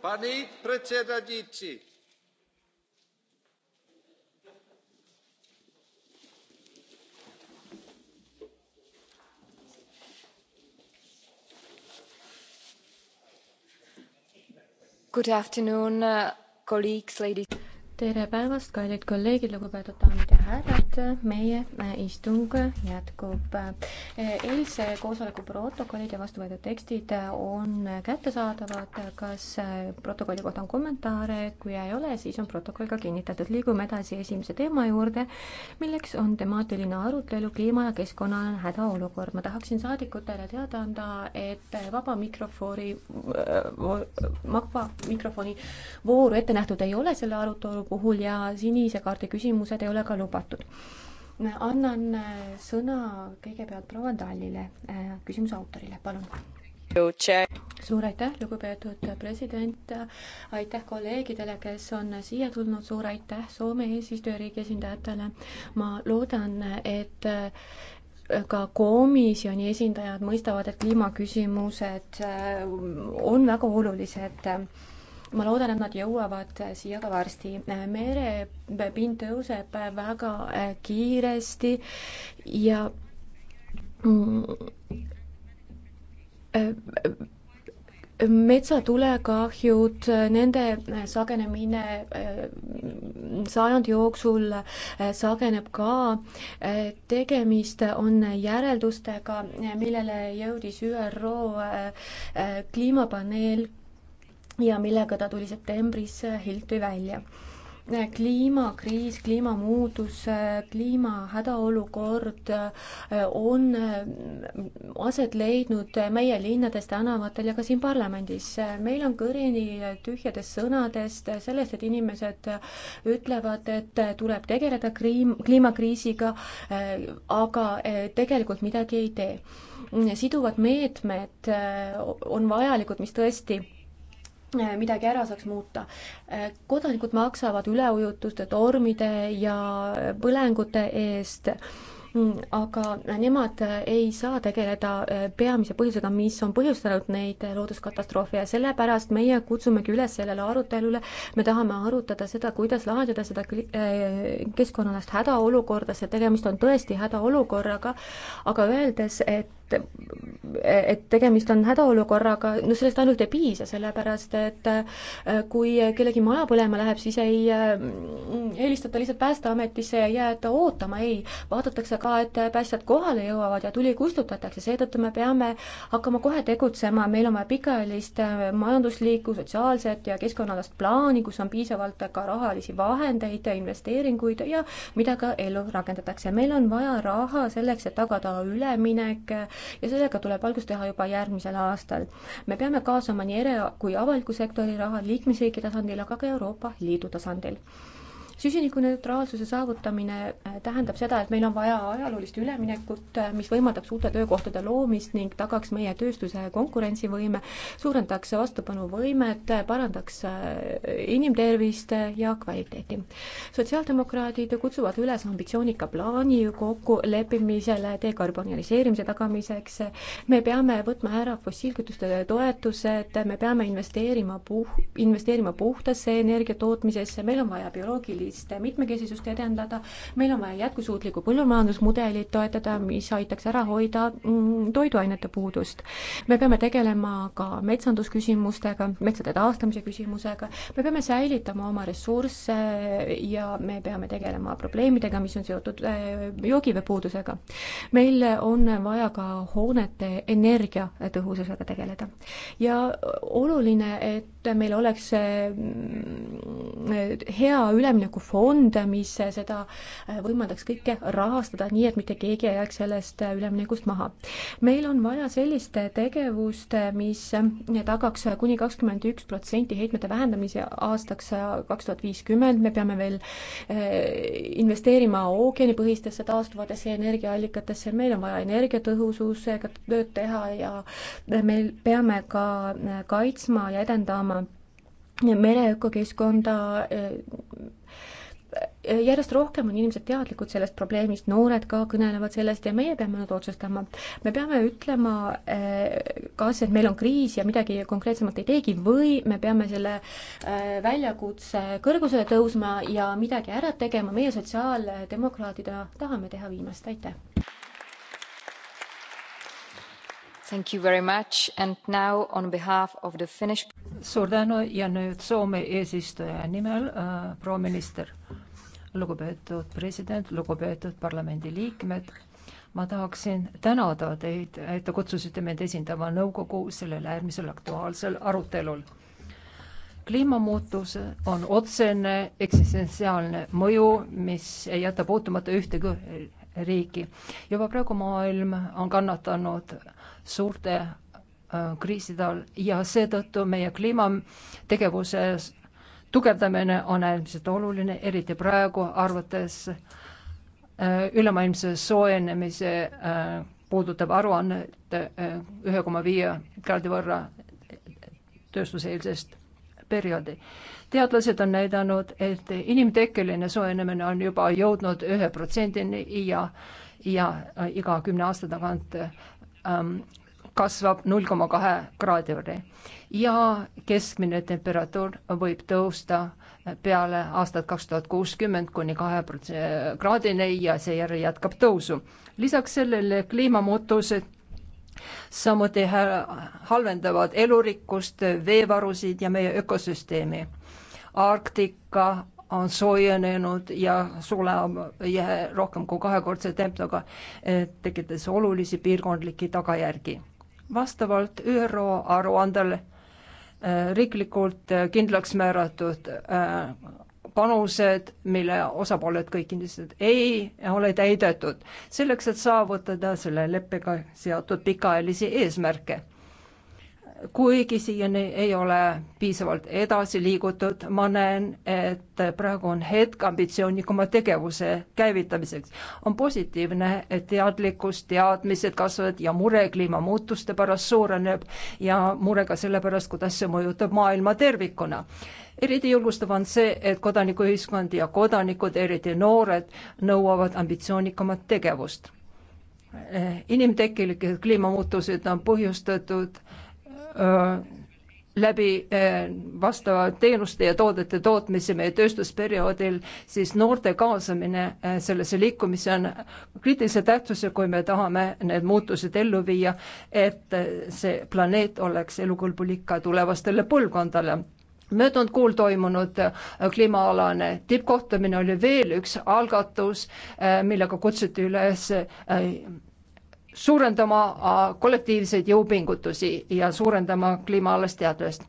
Pani predsedajúci. Good afternoon, uh, colleagues, ladies. Tere päevast, kallid kolleegid, lugupeetud daamid ja härrad, meie äh, istung jätkub. eilse koosoleku protokollid ja vastuvõetud tekstid on kättesaadavad. kas äh, protokolli kohta on kommentaare? kui ei ole, siis on protokoll ka kinnitatud. liigume edasi esimese teema juurde, milleks on temaatiline arutelu kliima ja keskkonna hädaolukord. ma tahaksin saadikutele teada anda, et vaba mikrofoni, äh, vaba mikrofoni vooru ette nähtud ei ole selle arutelu puhul ja sinise kaardi küsimused ei ole ka lubatud tagatud. annan äh, sõna kõigepealt proua Tallile, äh, küsimuse autorile, palun. suur aitäh, lugupeetud president, aitäh kolleegidele, kes on siia tulnud, suur aitäh Soome eesistujariigi esindajatele. ma loodan, et äh, ka komisjoni esindajad mõistavad, et kliimaküsimused on väga olulised ma loodan, et nad jõuavad siia ka varsti. merepind tõuseb väga äh, kiiresti ja mm, äh, metsatulekahjud, nende sagenemine äh, sajandi jooksul sageneb ka. tegemist on järeldustega, millele jõudis ÜRO kliimapaneel ja millega ta tuli septembris äh, Hilti välja. Äh, kliimakriis, kliimamuutus, äh, kliimahädaolukord on aset leidnud meie linnades, tänavatel ja ka siin parlamendis. meil on kõrini tühjadest sõnadest, sellest, et inimesed ütlevad, et tuleb tegeleda kriim-, kliimakriisiga, aga tegelikult midagi ei tee. Mm, siduvad meetmed on vajalikud, mis tõesti Äh, midagi ära saaks muuta. Äh, kodanikud maksavad üleujutuste, tormide ja põlengute eest, mm, aga nemad äh, ei saa tegeleda peamise põhjusega, mis on põhjustanud neid looduskatastroofe ja sellepärast meie kutsumegi üles sellele arutelule. me tahame arutada seda, kuidas lahendada seda keskkonnalast hädaolukorda, see tegemist on tõesti hädaolukorraga, aga öeldes, et et tegemist on hädaolukorraga, no sellest ainult ei piisa, sellepärast et äh, kui kellegi maja põlema läheb, siis ei äh, helistata lihtsalt Päästeametisse ja jääda ootama, ei. vaadatakse ka, et päästjad kohale jõuavad ja tuli kustutatakse, seetõttu me peame hakkama kohe tegutsema, meil on vaja pikaajalist äh, majanduslikku, sotsiaalset ja keskkonnaalast plaani, kus on piisavalt ka rahalisi vahendeid ja investeeringuid ja mida ka ellu rakendatakse. meil on vaja raha selleks, et tagada üleminek ja sellega tuleb algust teha juba järgmisel aastal. me peame kaasama nii ere- kui avaliku sektori raha liikmesriigi tasandil, aga ka Euroopa Liidu tasandil süsinikuneutraalsuse saavutamine äh, tähendab seda, et meil on vaja ajaloolist üleminekut, äh, mis võimaldaks uute töökohtade loomist ning tagaks meie tööstuse konkurentsivõime, suurendaks vastupanuvõimet, äh, parandaks inimtervist ja kvaliteeti. sotsiaaldemokraadid kutsuvad üles ambitsioonika plaani kokkuleppimisele dekarboniseerimise tagamiseks. me peame võtma ära fossiilkütuste toetused, me peame investeerima puh-, investeerima puhtasse energia tootmisesse, meil on vaja bioloogilisi bioloogilist mitmekesisust edendada, meil on vaja jätkusuutlikku põllumajandusmudelit toetada, mis aitaks ära hoida mm, toiduainete puudust. me peame tegelema ka metsandusküsimustega, metsade taastamise küsimusega, me peame säilitama oma ressursse ja me peame tegelema probleemidega, mis on seotud äh, joogiveepuudusega. meil on vaja ka hoonete energiatõhususega tegeleda. ja oluline, et et meil oleks mm, hea üleminekufond, mis seda äh, võimaldaks kõike rahastada, nii et mitte keegi ei jääks sellest äh, üleminekust maha. meil on vaja sellist tegevust, mis äh, tagaks kuni kakskümmend üks protsenti heitmete vähendamise aastaks kaks tuhat viiskümmend, me peame veel investeerima ookeanipõhistesse taastuvatesse energiaallikatesse, meil on vaja energiatõhususega tööd teha ja me peame ka kaitsma ja edendama mereökokeskkonda. Eh, eh, järjest rohkem on inimesed teadlikud sellest probleemist, noored ka kõnelevad sellest ja meie peame nüüd otsustama. me peame ütlema, eh, kas, et meil on kriis ja midagi konkreetsemat ei teegi või me peame selle väljakutse kõrgusele tõusma ja midagi ära tegema, meie sotsiaaldemokraadina tahame teha viimast, aitäh! Finnish... suur tänu ja nüüd Soome eesistuja nimel äh, proua minister. lugupeetud president, lugupeetud parlamendiliikmed, ma tahaksin tänada teid, et te kutsusite mind esindama nõukogu sellel äärmisel aktuaalsel arutelul kliimamuutus on otsene eksistentsiaalne mõju, mis ei jäta puutumata ühtegi riiki. juba praegu maailm on kannatanud suurte äh, kriiside all ja seetõttu meie kliimategevuse tugevdamine on äärmiselt oluline, eriti praegu, arvates äh, ülemaailmse soojenemise äh, puudutab aruannet äh, ühe koma viie kraadi võrra äh, tööstuseelsest perioodi. teadlased on näidanud, et inimtekkeline soojenemine on juba jõudnud ühe protsendini ja, ja äh, iga kümne aasta tagant ähm, kasvab null koma kahe kraadi võrra ja keskmine temperatuur võib tõusta peale aastat kaks tuhat kuuskümmend kuni kahe kraadini ja seejärel jätkab tõusu. lisaks sellele kliimamuutused samuti halvendavad elurikkust, veevarusid ja meie ökosüsteemi. Arktika on soojenenud ja sulab jää rohkem kui kahekordse tempoga, tekitades olulisi piirkondlikke tagajärgi. vastavalt ÜRO aruandele äh, riiklikult kindlaks määratud äh, panused, mille osapooled kõik kindlasti ei ole täidetud, selleks et saavutada selle leppega seotud pikaajalisi eesmärke kuigi siiani ei ole piisavalt edasi liigutud, ma näen, et praegu on hetk ambitsioonikuma tegevuse käivitamiseks. on positiivne, et teadlikkus, teadmised kasvavad ja mure kliimamuutuste pärast suureneb ja mure ka selle pärast, kuidas see mõjutab maailma tervikuna eriti julgustav on see, et kodanikuühiskond ja kodanikud, eriti noored, nõuavad ambitsioonikamat tegevust. inimtekkelised kliimamuutused on põhjustatud äh, läbi vastava teenuste ja toodete tootmise meie tööstusperioodil, siis noorte kaasamine sellesse liikumisse on kriitilise tähtsusega, kui me tahame need muutused ellu viia, et see planeet oleks elukõlbulik ka tulevastele põlvkondadele möödunud kuul toimunud kliimaalane tippkohtumine oli veel üks algatus, millega kutsuti üles suurendama äh, kollektiivseid jõupingutusi ja suurendama kliimaalast teadvust.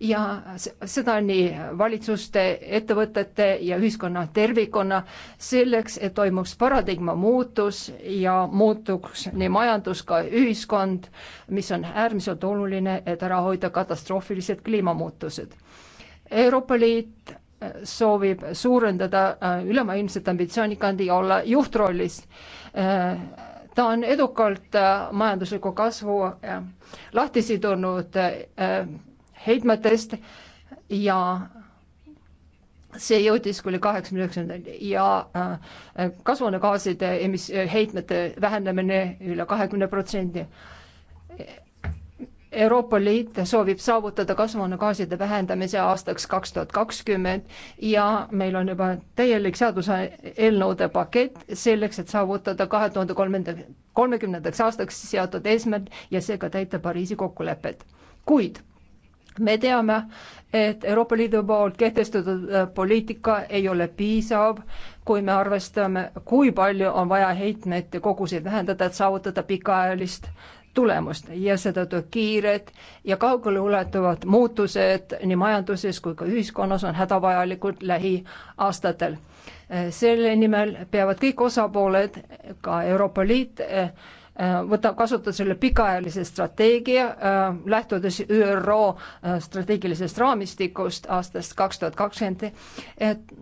ja seda nii valitsuste, ettevõtete ja ühiskonna tervikuna, selleks et toimuks paradigma muutus ja muutuks nii majandus kui ühiskond, mis on äärmiselt oluline, et ära hoida katastroofilised kliimamuutused. Euroopa Liit äh, soovib suurendada äh, ülemaailmset ambitsioonikandi ja olla juhtrollis ta on edukalt äh, majandusliku kasvu äh, lahti sidunud äh, heitmetest ja see jõudis kuni kaheksakümne üheksandani ja kasvuhoonegaaside emis-, heitmete vähenemine üle kahekümne protsendi Euroopa Liit soovib saavutada kasvuhoonegaaside vähendamise aastaks kaks tuhat kakskümmend ja meil on juba täielik seaduseelnõude pakett selleks, et saavutada kahe tuhande kolmanda, kolmekümnendaks aastaks seatud eesmärk ja seega täita Pariisi kokkulepet. kuid me teame, et Euroopa Liidu poolt kehtestatud äh, poliitika ei ole piisav, kui me arvestame, kui palju on vaja heitmete koguseid vähendada, et saavutada pikaajalist tulemust ja seetõttu kiired ja kaugeleulatuvad muutused nii majanduses kui ka ühiskonnas on hädavajalikud lähiaastatel. selle nimel peavad kõik osapooled, ka Euroopa Liit, võtab kasutusele pikaajalise strateegia, lähtudes ÜRO strateegilisest raamistikust aastast kaks tuhat kakskümmend, et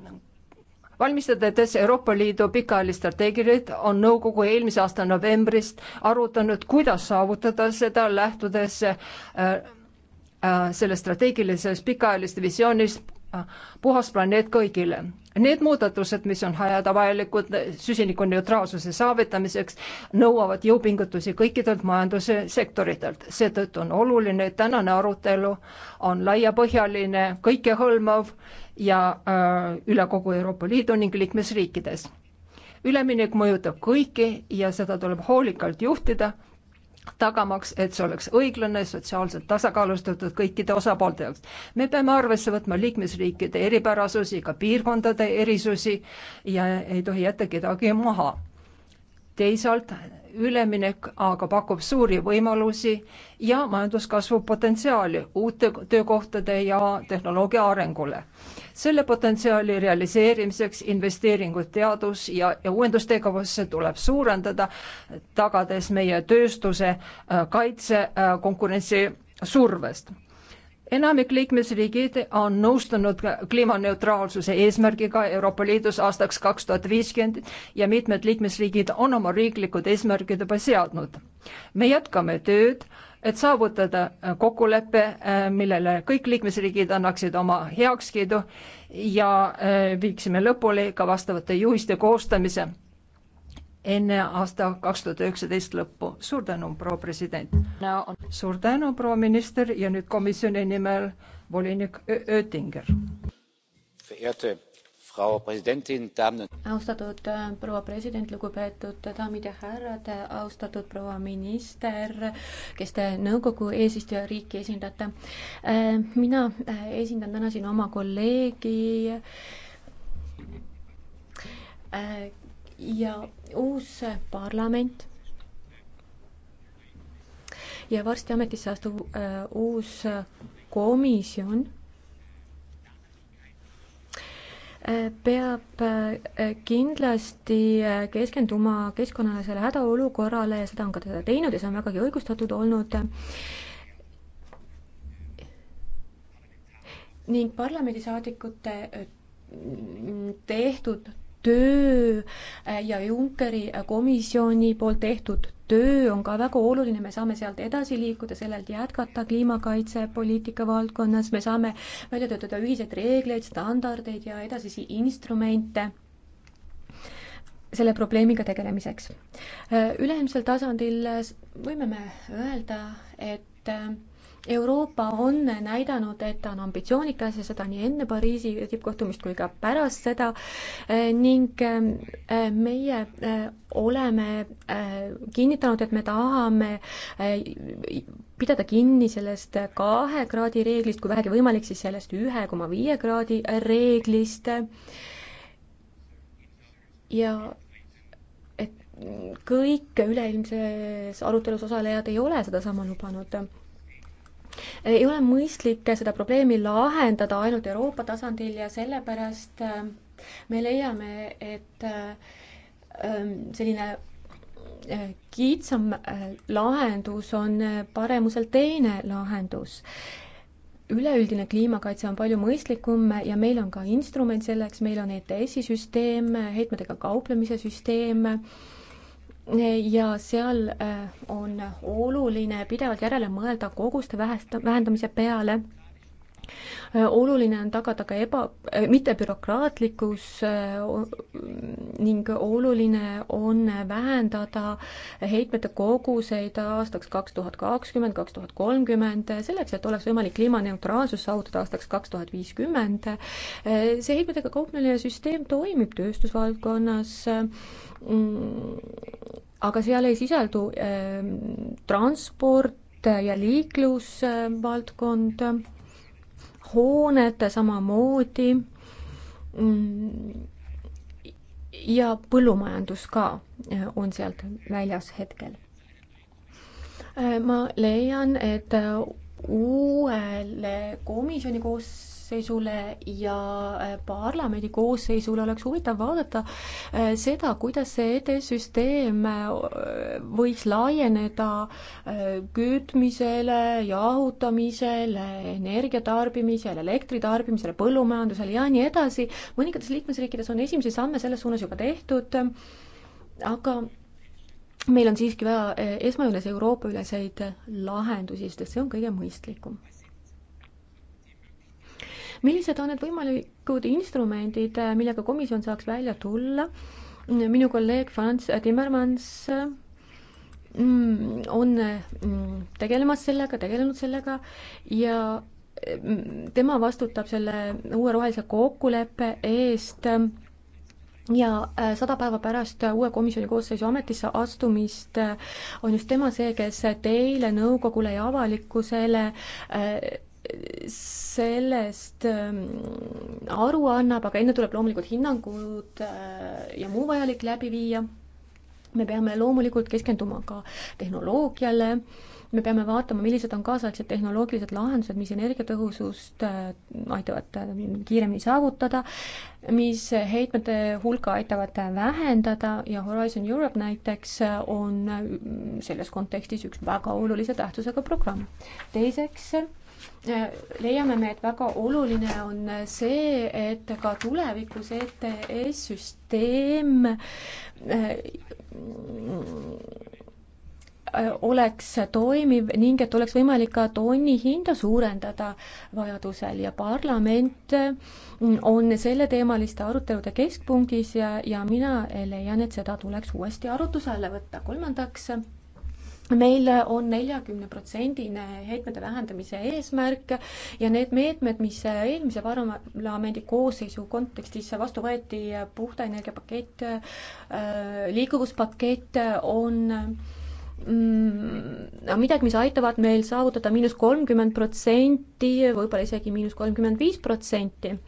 valmistades Euroopa Liidu pikaajalist strateegiat, on nõukogu eelmise aasta novembrist arutanud, kuidas saavutada seda, lähtudes äh, äh, sellest strateegilisest pikaajalist visioonist äh, puhas planeet kõigile. Need muudatused, mis on hädavajalikud süsinikuneutraalsuse saavutamiseks, nõuavad jõupingutusi kõikidelt majanduse sektoritelt. seetõttu on oluline, et tänane arutelu on laiapõhjaline, kõikehõlmav ja äh, üle kogu Euroopa Liidu ning liikmesriikides. üleminek mõjutab kõiki ja seda tuleb hoolikalt juhtida, tagamaks, et see oleks õiglane, sotsiaalselt tasakaalustatud kõikide osapoolte jaoks. me peame arvesse võtma liikmesriikide eripärasusi, ka piirkondade erisusi ja ei tohi jätta kedagi maha. teisalt üleminek aga pakub suuri võimalusi ja majanduskasvu potentsiaali uute töökohtade ja tehnoloogia arengule. selle potentsiaali realiseerimiseks investeeringud teadus- ja, ja uuendustegevusse tuleb suurendada, tagades meie tööstuse äh, kaitse äh, konkurentsi survest enamik liikmesriigid on nõustunud kliimaneutraalsuse eesmärgiga Euroopa Liidus aastaks kaks tuhat viiskümmend ja mitmed liikmesriigid on oma riiklikud eesmärgid juba seadnud. me jätkame tööd, et saavutada kokkulepe, eh, millele kõik liikmesriigid annaksid oma heakskiidu ja eh, viiksime lõpule ka vastavate juhiste koostamise enne aasta kaks tuhat üheksateist lõppu. suur tänu, proua president no.. suur tänu, proua minister ja nüüd komisjoni nimel volinik Oettinger. austatud äh, proua president, lugupeetud daamid ja härrad, austatud proua minister, kes te nõukogu eesistujariiki esindate. Äh, mina äh, esindan täna siin oma kolleegi ja uus parlament ja varsti ametisse astuv äh, uus komisjon äh, peab äh, kindlasti äh, keskenduma keskkonnalisele hädaolukorrale ja seda on ka teda teinud ja see on vägagi õigustatud olnud. ning parlamendisaadikute tehtud töö äh, ja Junckeri äh, komisjoni poolt tehtud töö on ka väga oluline, me saame sealt edasi liikuda, sellelt jätkata kliimakaitsepoliitika valdkonnas, me saame välja töötada ühiseid reegleid, standardeid ja edasisi instrumente selle probleemiga tegelemiseks. Äh, üleilmsel tasandil võime me öelda, et Euroopa on näidanud, et ta on ambitsioonikas ja seda nii enne Pariisi tippkohtumist kui ka pärast seda eh, ning eh, meie eh, oleme kinnitanud, et me tahame pidada kinni sellest kahe kraadi reeglist, kui vähegi võimalik, siis sellest ühe koma viie kraadi reeglist ja et kõik üleilmses arutelus osalejad ei ole sedasama lubanud ei ole mõistlik seda probleemi lahendada ainult Euroopa tasandil ja sellepärast äh, me leiame, et äh, ähm, selline äh, kitsam lahendus on paremuselt teine lahendus üleüldine kliimakaitse on palju mõistlikum ja meil on ka instrument selleks, meil on ETS-i süsteem, heitmetega kauplemise süsteem ja seal äh, on oluline pidevalt järele mõelda koguste vähest-, vähendamise peale, äh, oluline on tagada ka eba, äh, mittebürokraatlikkus ning oluline on vähendada heitmete koguseid aastaks kaks tuhat kakskümmend, kaks tuhat kolmkümmend, selleks, et oleks võimalik kliimaneutraalsus saavutada aastaks kaks tuhat viiskümmend. see heitmetega kauplemine süsteem toimib tööstusvaldkonnas Mm, aga seal ei sisaldu ähm, transport ja liiklusvaldkond, hooned samamoodi mm, ja põllumajandus ka äh, on sealt väljas hetkel. Äh, ma leian, et äh, uuele komisjoni koos koosseisule ja äh, parlamendi koosseisule oleks huvitav vaadata äh, seda, kuidas see ETS-süsteem äh, võiks laieneda kütmisele, jahutamisele, energiatarbimisele, elektritarbimisele, põllumajandusele ja nii edasi. mõningates liikmesriikides on esimesi samme selles suunas juba tehtud, aga meil on siiski vaja esmajones Euroopa-üleseid lahendusi, sest see on kõige mõistlikum millised on need võimalikud instrumendid, äh, millega komisjon saaks välja tulla? minu kolleeg Franz Timmermans mm, on mm, tegelemas sellega, tegelenud sellega ja mm, tema vastutab selle uue rohelise kokkuleppe eest ja äh, sada päeva pärast uue komisjoni koosseisu ametisse astumist äh, on just tema see, kes teile, nõukogule ja avalikkusele sellest ähm, aru annab, aga enne tuleb loomulikult hinnangud äh, ja muu vajalik läbi viia. me peame loomulikult keskenduma ka tehnoloogiale, me peame vaatama, millised on kaasaegsed tehnoloogilised lahendused, mis energiatõhusust äh, aitavad äh, kiiremini saavutada, mis heitmete hulka aitavad vähendada ja Horizon Europe näiteks on selles kontekstis üks väga olulise tähtsusega programm. teiseks leiame me, et väga oluline on see, et ka tulevikus ETS-süsteem äh, oleks toimiv ning et oleks võimalik ka tonni hinda suurendada vajadusel ja parlament äh, on selleteemaliste arutelude keskpunktis ja, ja mina leian, et seda tuleks uuesti arutluse alla võtta. kolmandaks meil on neljakümneprotsendine heitmete vähendamise eesmärk ja need meetmed, mis eelmise parlamendi koosseisu kontekstis vastu võeti, puhta energia pakett, liikuvuspakett mm, on midagi, mis aitavad meil saavutada miinus kolmkümmend protsenti, võib-olla isegi miinus kolmkümmend viis protsenti.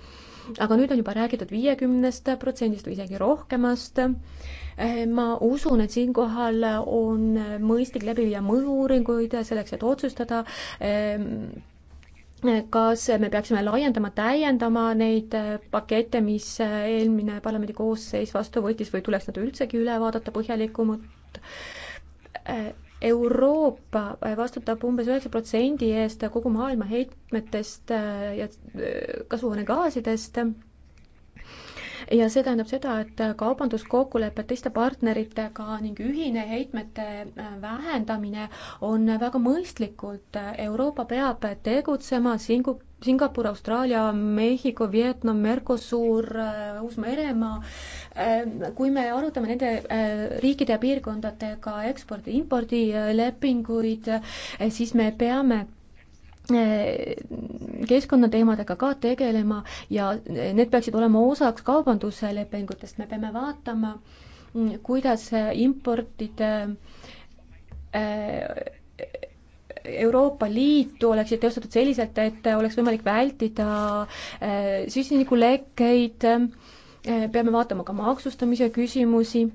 aga nüüd on juba räägitud viiekümnest protsendist või isegi rohkemast Eh, ma usun, et siinkohal on mõistlik läbi viia mõju-uuringuid selleks, et otsustada, eh, kas me peaksime laiendama, täiendama neid eh, pakette, mis eelmine parlamendi koosseis vastu võttis või tuleks nad üldsegi üle vaadata põhjalikumalt? Euroopa vastutab umbes üheksa protsendi eest kogu maailma heitmetest ja kasvuhoonegaasidest ja see tähendab seda, et kaubanduskokkulepped teiste partneritega ning ühine heitmete äh, vähendamine on väga mõistlikult, äh, Euroopa peab tegutsema singu-, Singapur, Austraalia, Mehhiko, Vietnam, Mercosur, äh, Uus-Meremaa. kui me arutame nende riikide ja piirkondadega ekspordi-impordilepinguid, siis me peame Eh, keskkonnateemadega ka tegelema ja need peaksid olema osaks kaubanduslepingutest, me peame vaatama, mm, kuidas importide eh, Euroopa Liitu oleksid teostatud selliselt, et oleks võimalik vältida eh, süsinikulekkeid, peame vaatama ka maksustamise küsimusi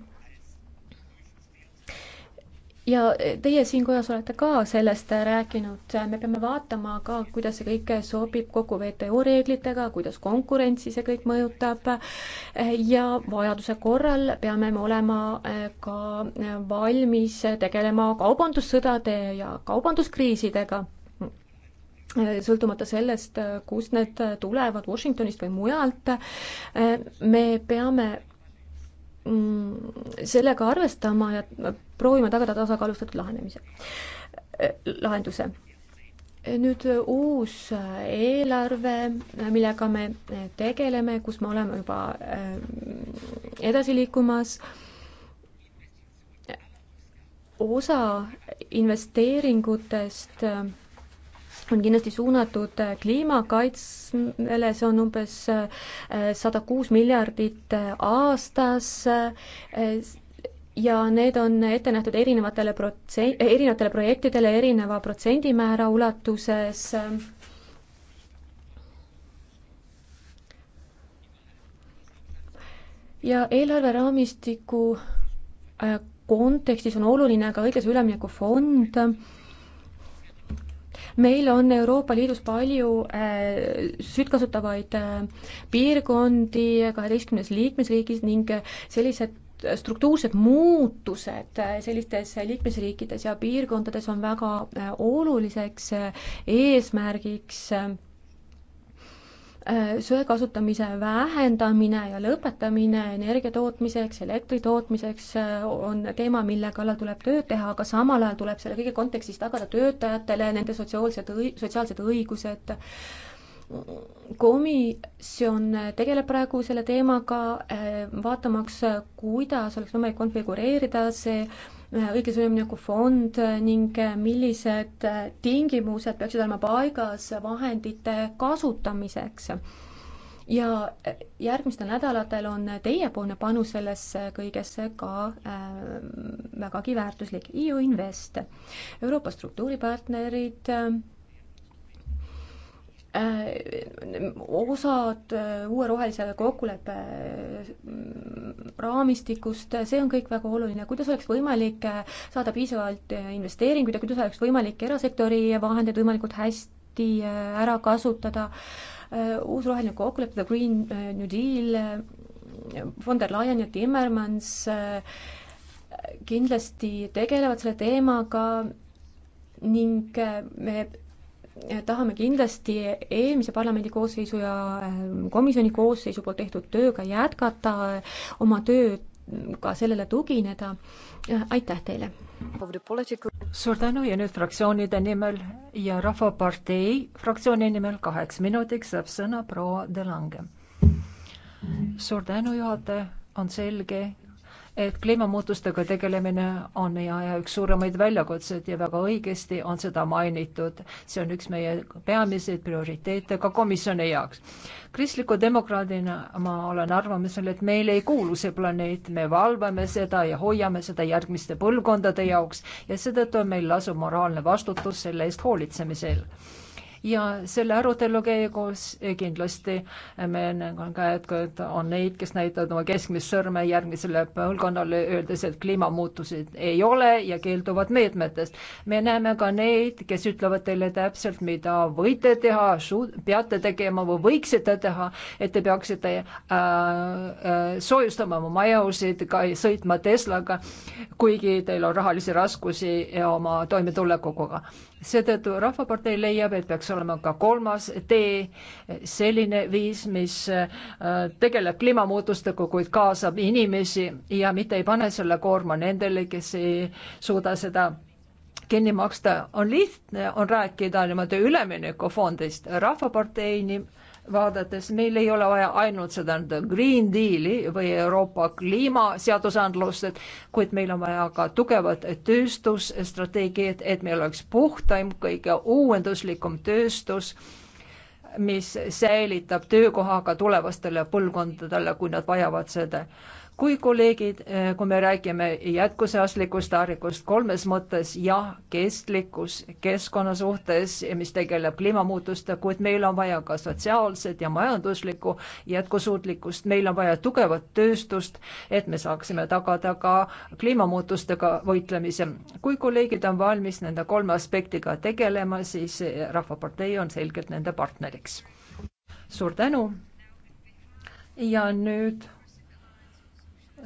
ja e, teie siin kojas olete ka sellest äh, rääkinud, me peame vaatama ka, kuidas see kõik sobib kokku WTO reeglitega, kuidas konkurentsi see kõik mõjutab äh, ja vajaduse korral peame me olema äh, ka valmis tegelema kaubandussõdade ja kaubanduskriisidega, sõltumata sellest, kust need tulevad, Washingtonist või mujalt, me peame Mm, sellega arvestama ja proovima tagada tasakaalustatud lahenemise, lahenduse. nüüd uus eelarve, millega me tegeleme, kus me oleme juba ähm, edasi liikumas osa investeeringutest ähm, on kindlasti suunatud äh, kliimakaitsele, see on umbes äh, sada kuus miljardit äh, aastas ja need on ette nähtud erinevatele protse-, erinevatele projektidele erineva protsendimäära ulatuses. ja eelarveraamistiku kontekstis on oluline ka õiglase ülemineku fond meil on Euroopa Liidus palju äh, süüdkasutavaid äh, piirkondi kaheteistkümnes liikmesriigis ning sellised struktuursed muutused äh, sellistes liikmesriikides ja piirkondades on väga oluliseks eesmärgiks Äh, söe kasutamise vähendamine ja lõpetamine energia tootmiseks, elektri tootmiseks äh, on teema, mille kallal tuleb tööd teha, aga samal ajal tuleb selle kõige kontekstis tagada töötajatele nende sotsiaalsed, sotsiaalsed õigused. komisjon tegeleb praegu selle teemaga, äh, vaatamaks, kuidas oleks võimalik konfigureerida see õiglase ülemineku fond ning millised tingimused peaksid olema paigas vahendite kasutamiseks. ja järgmistel nädalatel on teiepoolne panus sellesse kõigesse ka äh, vägagi väärtuslik. EU Invest, Euroopa struktuuripartnerid äh,, Äh, osad äh, uue rohelise kokkuleppe äh, raamistikust, see on kõik väga oluline, kuidas oleks võimalik saada piisavalt investeeringuid ja kuidas oleks võimalik erasektori vahendeid võimalikult hästi ära kasutada, uus roheline kokkulepe, The Green New Deal, von der Leyen ja Timmermans kindlasti tegelevad selle teemaga ning me tahame kindlasti eelmise parlamendikoosseisu ja äh, komisjoni koosseisu poolt tehtud tööga jätkata, äh, oma tööga sellele tugineda. Äh, aitäh teile! suur tänu ja nüüd fraktsioonide nimel ja Rahvapartei fraktsiooni nimel kaheks minutiks saab sõna proua Delange. suur tänu, juhataja, on selge, et kliimamuutustega tegelemine on meie aja üks suuremaid väljakutseid ja väga õigesti on seda mainitud. see on üks meie peamiseid prioriteete ka komisjoni jaoks. kristliku demokraadina ma olen arvamusel, et meile ei kuulu see planeet, me valvame seda ja hoiame seda järgmiste põlvkondade jaoks ja seetõttu meil lasub moraalne vastutus selle eest hoolitsemisel ja selle arutelu käigus eh, kindlasti eh, me näeme ka, et on neid, kes näitavad oma keskmist sõrme järgmisele põlvkonnale, öeldes, et kliimamuutuseid ei ole ja keelduvad meetmetest. me näeme ka neid, kes ütlevad teile täpselt, mida võite teha, peate tegema või võiksite teha, et te peaksite äh, äh, soojustama oma majasid, sõitma Teslaga, kuigi teil on rahalisi raskusi oma toimetulekuga. seetõttu Rahvapartei leiab, et peaks peaks olema ka kolmas tee, selline viis, mis äh, tegeleb kliimamuutustega, kuid kaasab inimesi ja mitte ei pane selle koorma nendele, kes ei suuda seda kinni maksta, on lihtne, on rääkida niimoodi üleminekufondist, Rahvapartei nii vaadates, meil ei ole vaja ainult seda nii-öelda Green Deali või Euroopa kliimaseadusandlust, et kuid meil on vaja ka tugevat tööstusstrateegiat, et meil oleks puhtaim, kõige uuenduslikum tööstus, mis säilitab töökoha ka tulevastele põlvkondadele, kui nad vajavad seda kui kolleegid, eh, kui me räägime jätkuseaslikust arengust kolmes mõttes, jah, kestlikkus keskkonna suhtes, mis tegeleb kliimamuutuste, kuid meil on vaja ka sotsiaalset ja majanduslikku jätkusuutlikkust, meil on vaja tugevat tööstust, et me saaksime tagada ka kliimamuutustega võitlemise. kui kolleegid on valmis nende kolme aspektiga tegelema, siis Rahvapartei on selgelt nende partneriks. suur tänu ja nüüd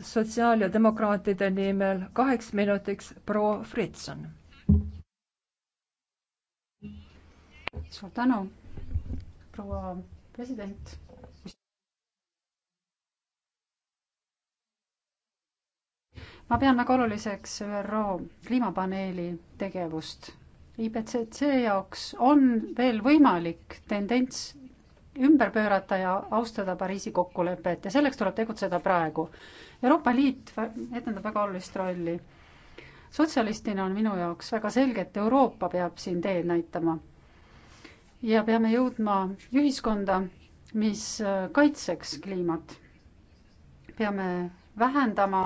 sotsiaal- ja demokraatide nimel kaheks minutiks proua Fritson. suur tänu, proua president. ma pean väga oluliseks ÜRO kliimapaneeli tegevust. IPCC jaoks on veel võimalik tendents ümber pöörata ja austada Pariisi kokkulepet ja selleks tuleb tegutseda praegu Euroopa Liit etendab väga olulist rolli. sotsialistina on minu jaoks väga selge, et Euroopa peab siin teed näitama. ja peame jõudma ühiskonda, mis kaitseks kliimat. peame vähendama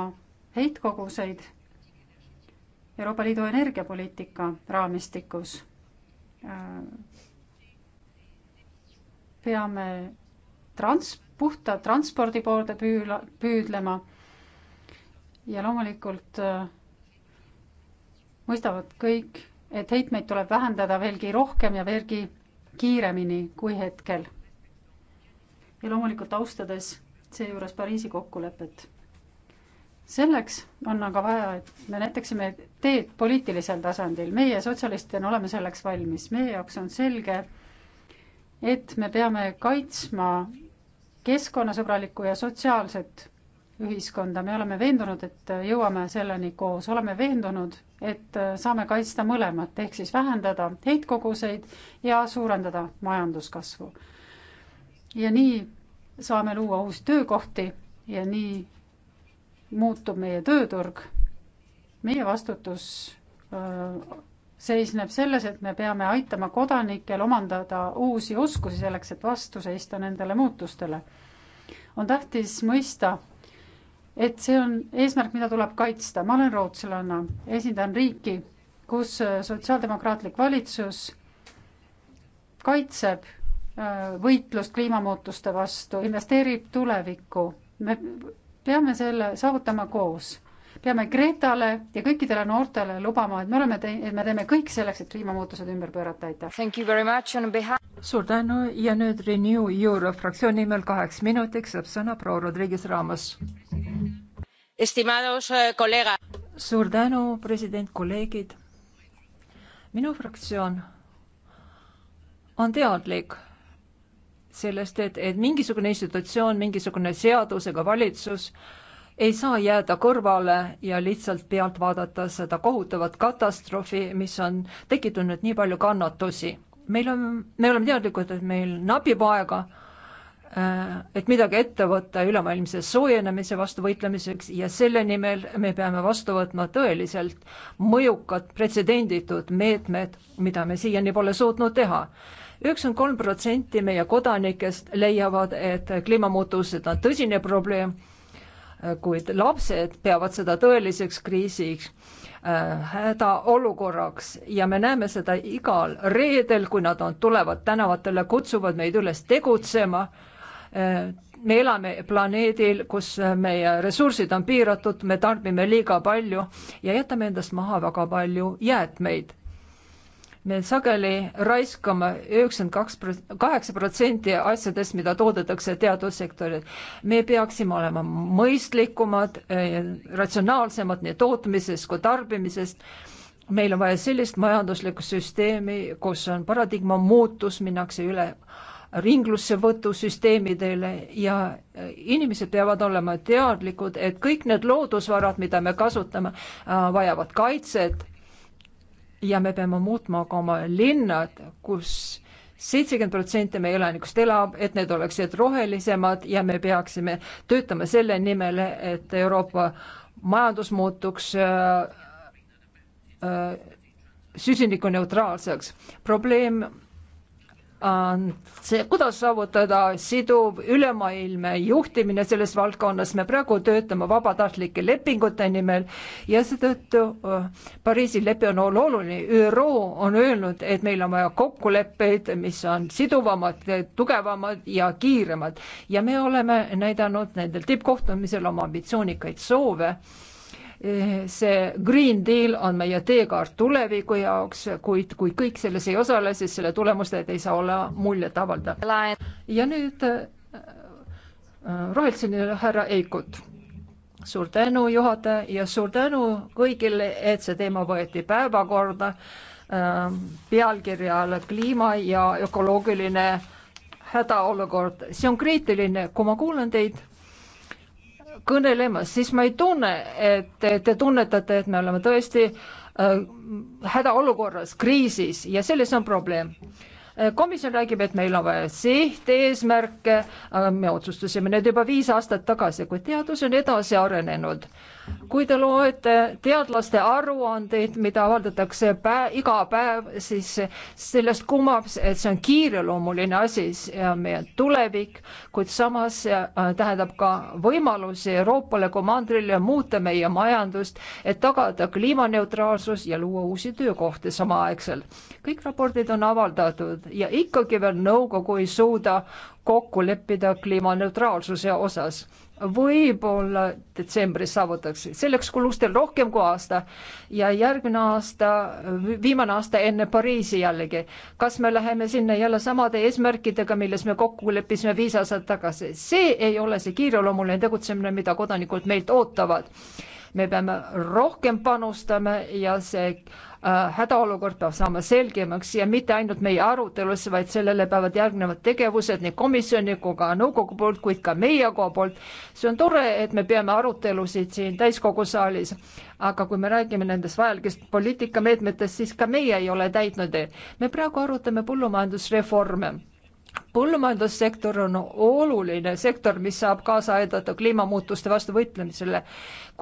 heitkoguseid Euroopa Liidu energiapoliitika raamistikus. peame trans-, puhta transpordi poolde püüla, püüdlema ja loomulikult äh, mõistavad kõik, et heitmeid tuleb vähendada veelgi rohkem ja veelgi kiiremini kui hetkel. ja loomulikult austades seejuures Pariisi kokkulepet. selleks on aga vaja, et me näitaksime teed poliitilisel tasandil, meie sotsialistidena oleme selleks valmis, meie jaoks on selge, et me peame kaitsma keskkonnasõbralikku ja sotsiaalset ühiskonda, me oleme veendunud, et jõuame selleni koos, oleme veendunud, et saame kaitsta mõlemat, ehk siis vähendada heitkoguseid ja suurendada majanduskasvu. ja nii saame luua uusi töökohti ja nii muutub meie tööturg. meie vastutus äh, seisneb selles, et me peame aitama kodanikel omandada uusi oskusi selleks, et vastu seista nendele muutustele. on tähtis mõista, et see on eesmärk, mida tuleb kaitsta. ma olen rootslanna, esindan riiki, kus äh, sotsiaaldemokraatlik valitsus kaitseb äh, võitlust kliimamuutuste vastu, investeerib tulevikku. me peame selle saavutama koos peame Gretale ja kõikidele noortele lubama, et me oleme te-, et me teeme kõik selleks, et kliimamuutused ümber pöörata, aitäh! suur tänu ja nüüd Renew Euro fraktsiooni nimel kaheks minutiks saab sõna proua Rodriguez Ramos. Eh, suur tänu, president, kolleegid! minu fraktsioon on teadlik sellest, et, et mingisugune institutsioon, mingisugune seadus ega valitsus äh, ei saa jääda kõrvale ja lihtsalt pealt vaadata seda kohutavat katastroofi, mis on tekitanud nii palju kannatusi. meil on, me oleme teadlikud, et meil napib aega, äh, et midagi ette võtta ülemaailmse soojenemise vastu võitlemiseks ja selle nimel me peame vastu võtma tõeliselt mõjukad, pretsedenditud meetmed, mida me siiani pole suutnud teha üheksakümmend kolm protsenti meie kodanikest leiavad, et kliimamuutused on tõsine probleem kuid lapsed peavad seda tõeliseks kriisiks äh,, hädaolukorraks ja me näeme seda igal reedel, kui nad on, tulevad tänavatele, kutsuvad meid üles tegutsema äh,. me elame planeedil, kus meie ressursid on piiratud, me tarbime liiga palju ja jätame endast maha väga palju jäätmeid me sageli raiskame üheksakümmend kaks, kaheksa protsenti asjadest, mida toodetakse teadussektoril. me peaksime olema mõistlikumad, eh, ratsionaalsemad nii tootmises kui tarbimisest. meil on vaja sellist majanduslikku süsteemi, kus on paradigma muutus, minnakse üle ringlussevõtusüsteemidele ja eh, inimesed peavad olema teadlikud, et kõik need loodusvarad, mida me kasutame, eh, vajavad kaitset ja me peame muutma ka oma linnad, kus seitsekümmend protsenti meie elanikust elab, et need oleksid rohelisemad ja me peaksime töötama selle nimel, et Euroopa majandus muutuks äh, äh, süsinikuneutraalseks. probleem on see, kuidas saavutada siduv ülemaailmne juhtimine selles valdkonnas, me praegu töötame vabatahtlike lepingute nimel ja seetõttu äh, Pariisi lepe on oluline, ÜRO on öelnud, et meil on vaja kokkuleppeid, mis on siduvamad, tugevamad ja kiiremad ja me oleme näidanud nendel tippkohtumisel oma ambitsioonikaid soove see Green Deal on meie teekaart tuleviku jaoks, kuid kui kõik selles ei osale, siis selle tulemused ei saa olla muljetavaldavad. ja nüüd äh, rohelisele härra Eikut. suur tänu, juhataja, ja suur tänu kõigile, et see teema võeti päevakorda äh, pealkirja all kliima ja ökoloogiline hädaolukord. see on kriitiline, kui ma kuulan teid kõnelemas, siis ma ei tunne, et te tunnetate, et me oleme tõesti äh, hädaolukorras, kriisis ja selles on probleem äh, komisjon räägib, et meil on vaja sihteesmärke, aga me otsustasime need juba viis aastat tagasi, kui teadus on edasi arenenud kui te loete teadlaste aruandeid, mida avaldatakse päev, iga päev, siis sellest kumab, et see on kiireloomuline asi, see on meie tulevik, kuid samas äh, tähendab ka võimalusi Euroopale kui mandrile muuta meie majandust, et tagada kliimaneutraalsus ja luua uusi töökohti samaaegselt. kõik raportid on avaldatud ja ikkagi veel nõukogu ei suuda kokku leppida kliimaneutraalsuse osas võib-olla detsembris saavutatakse, selleks kulus teil rohkem kui aasta ja järgmine aasta, viimane aasta enne Pariisi jällegi. kas me läheme sinna jälle samade eesmärkidega, milles me kokku leppisime viis aastat tagasi, see ei ole see kiireloomuline tegutsemine, mida kodanikud meilt ootavad me peame rohkem panustama ja see äh, hädaolukord peab saama selgemaks ja mitte ainult meie arutelus, vaid sellele peavad järgnevad tegevused nii komisjoni kui ka nõukogu poolt, kuid ka meie poolt. see on tore, et me peame arutelusid siin täiskogu saalis, aga kui me räägime nendest vajalikest poliitikameetmetest, siis ka meie ei ole täitnud. me praegu arutame põllumajandusreforme põllumajandussektor on oluline sektor, mis saab kaasa aidata kliimamuutuste vastu võitlemisele.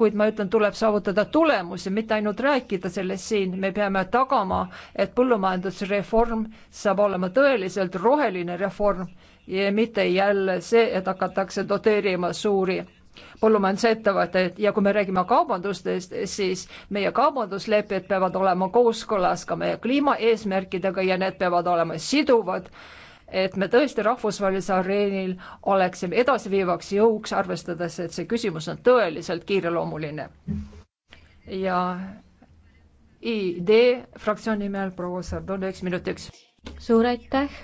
kuid ma ütlen, tuleb saavutada tulemusi, mitte ainult rääkida sellest siin, me peame tagama, et põllumajandusreform saab olema tõeliselt roheline reform ja mitte jälle see, et hakatakse doteerima suuri põllumajandusettevõtteid ja kui me räägime kaubandustest, siis meie kaubanduslepped peavad olema kooskõlas ka meie kliimaeesmärkidega ja need peavad olema siduvad et me tõesti rahvusvahelisel areenil oleksime edasiviivaks jõuks, arvestades, et see küsimus on tõeliselt kiireloomuline. ja idee fraktsiooni nimel proua Sardon üheks minutiks suur aitäh!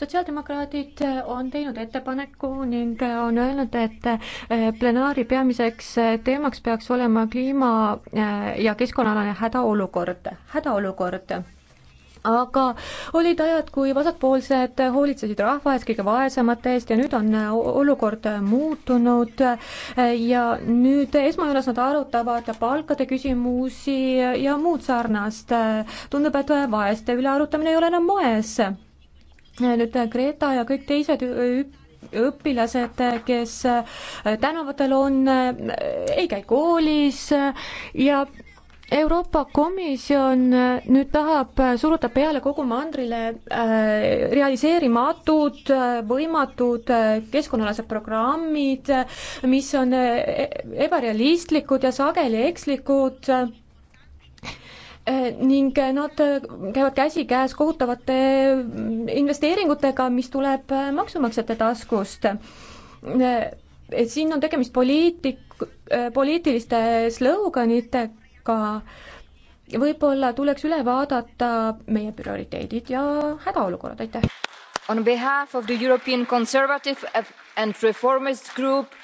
sotsiaaldemokraadid on teinud ettepaneku ning on öelnud, et eh, plenaari peamiseks eh, teemaks peaks olema kliima eh, ja keskkonnaalane hädaolukord, hädaolukord aga olid ajad, kui vasakpoolsed hoolitsesid rahva ees, kõige vaesemate eest ja nüüd on olukord muutunud ja nüüd esmajoones nad arutavad palkade küsimusi ja muud sarnast. tundub, et vaeste üle arutamine ei ole enam moes. nüüd Greta ja kõik teised õpilased, kes tänavatel on, ei käi koolis ja Euroopa Komisjon nüüd tahab suruda peale kogu mandrile äh, realiseerimatud, äh, võimatud äh, keskkonnaalased programmid, mis on äh, ebarealistlikud ja sageli ekslikud äh, ning nad käivad käsikäes kohutavate mm, investeeringutega, mis tuleb maksumaksjate taskust äh,. siin on tegemist poliitik-, poliitiliste slõuganitega, aga võib-olla tuleks üle vaadata meie prioriteedid ja hädaolukorrad, aitäh. On behalf of the European Conservative and Reformist Group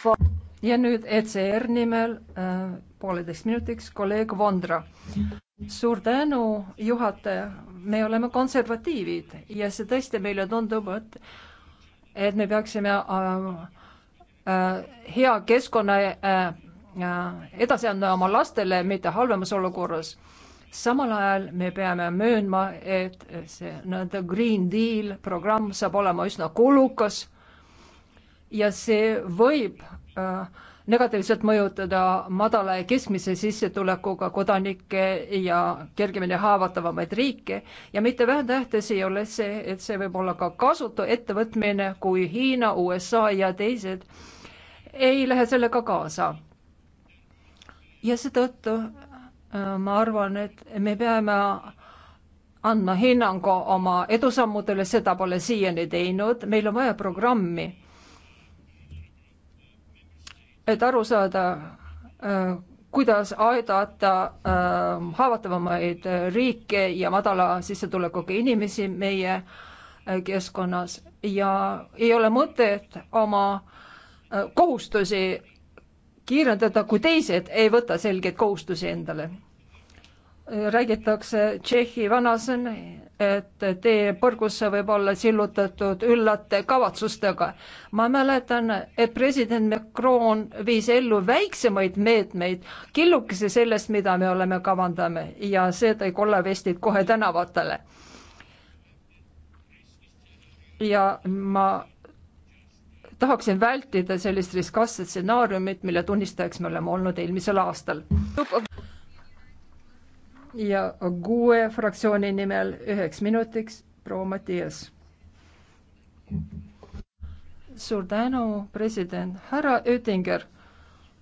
for ja nüüd ECR nimel äh, pooleteist minutiks kolleeg Vondra. suur tänu, juhataja, me oleme konservatiivid ja see tõesti meile tundub, et et me peaksime äh, äh, hea keskkonna äh, edasi anda oma lastele, mitte halvemas olukorras. samal ajal me peame möönma, et see nii-öelda Green Deal programm saab olema üsna kulukas ja see võib äh, negatiivselt mõjutada madala ja keskmise sissetulekuga kodanikke ja kergemini haavatavamaid riike ja mitte vähem tähtis ei ole see, et see võib olla ka kasutu ettevõtmine, kui Hiina, USA ja teised ei lähe sellega kaasa ja seetõttu äh, ma arvan, et me peame andma hinnangu oma edusammudele, seda pole siiani teinud, meil on vaja programmi, et aru saada, äh, kuidas aidata äh, haavatavamaid riike ja madala sissetulekuga inimesi meie keskkonnas ja ei ole mõtet oma kohustusi kiirendada, kui teised ei võta selgeid kohustusi endale. räägitakse Tšehhi vanasõna, et tee põrgusse võib olla sillutatud üllate kavatsustega. ma mäletan, et president Macron viis ellu väiksemaid meetmeid, killukese sellest, mida me oleme kavandame ja see tõi kollavestid kohe tänavatele. ja ma tahaksin vältida sellist riskantset stsenaariumit, mille tunnistajaks me oleme olnud eelmisel aastal. ja kuue fraktsiooni nimel üheks minutiks proua Mattias. suur tänu, president, härra Oettinger.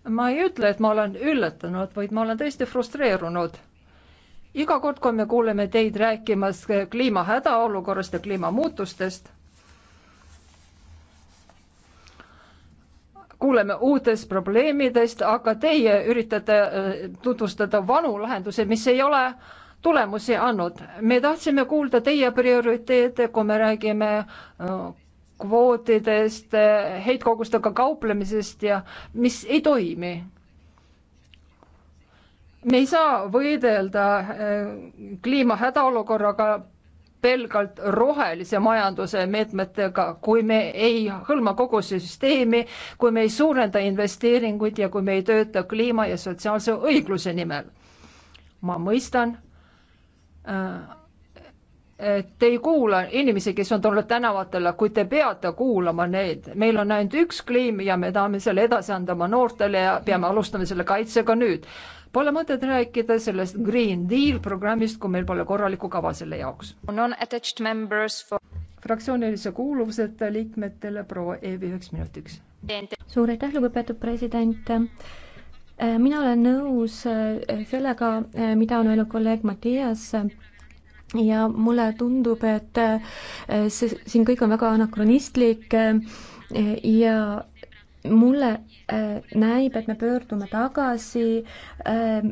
ma ei ütle, et ma olen üllatunud, vaid ma olen tõesti frustreerunud iga kord, kui me kuuleme teid rääkimas kliima hädaolukorrast ja kliimamuutustest, kuuleme uutest probleemidest, aga teie üritate äh, tutvustada vanu lahendusi, mis ei ole tulemusi andnud. me tahtsime kuulda teie prioriteete, kui me räägime äh, kvootidest, heitkogustega kauplemisest ja mis ei toimi me ei saa võidelda äh, kliima hädaolukorraga pelgalt rohelise majanduse meetmetega, kui me ei hõlma kogu süsteemi, kui me ei suurenda investeeringuid ja kui me ei tööta kliima ja sotsiaalse õigluse nimel. ma mõistan äh, et ei kuula inimesi, kes on tulnud tänavatele, kuid te peate kuulama neid. meil on ainult üks kliim ja me tahame selle edasi anda oma noortele ja peame alustama selle kaitsega nüüd. Pole mõtet rääkida sellest Green Deal programmist, kui meil pole korralikku kava selle jaoks. For... fraktsioonilise kuuluvuseta liikmetele proua Eevi üheks minutiks. suur aitäh, lugupeetud president äh, mina olen nõus äh, sellega, äh, mida on öelnud kolleeg Mattias ja mulle tundub, et see siin kõik on väga anakronistlik ja mulle äh, näib, et me pöördume tagasi ähm,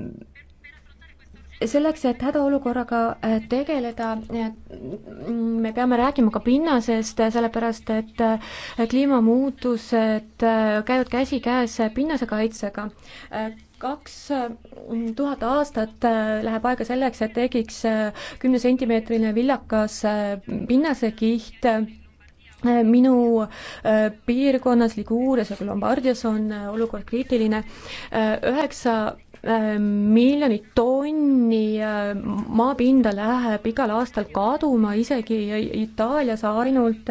selleks, et hädaolukorraga äh, tegeleda, mm, me peame rääkima ka pinnasest, äh, sellepärast et kliimamuutused käivad käsikäes pinnase kaitsega. kaks tuhat aastat läheb aega selleks, et tekiks kümne sentimeetrine villakas pinnasekiht minu äh, piirkonnas Liguurias ja Lombardias on äh, olukord kriitiline, äh, üheksa miljonit tonni maapinda läheb igal aastal kaduma, isegi Itaalias ainult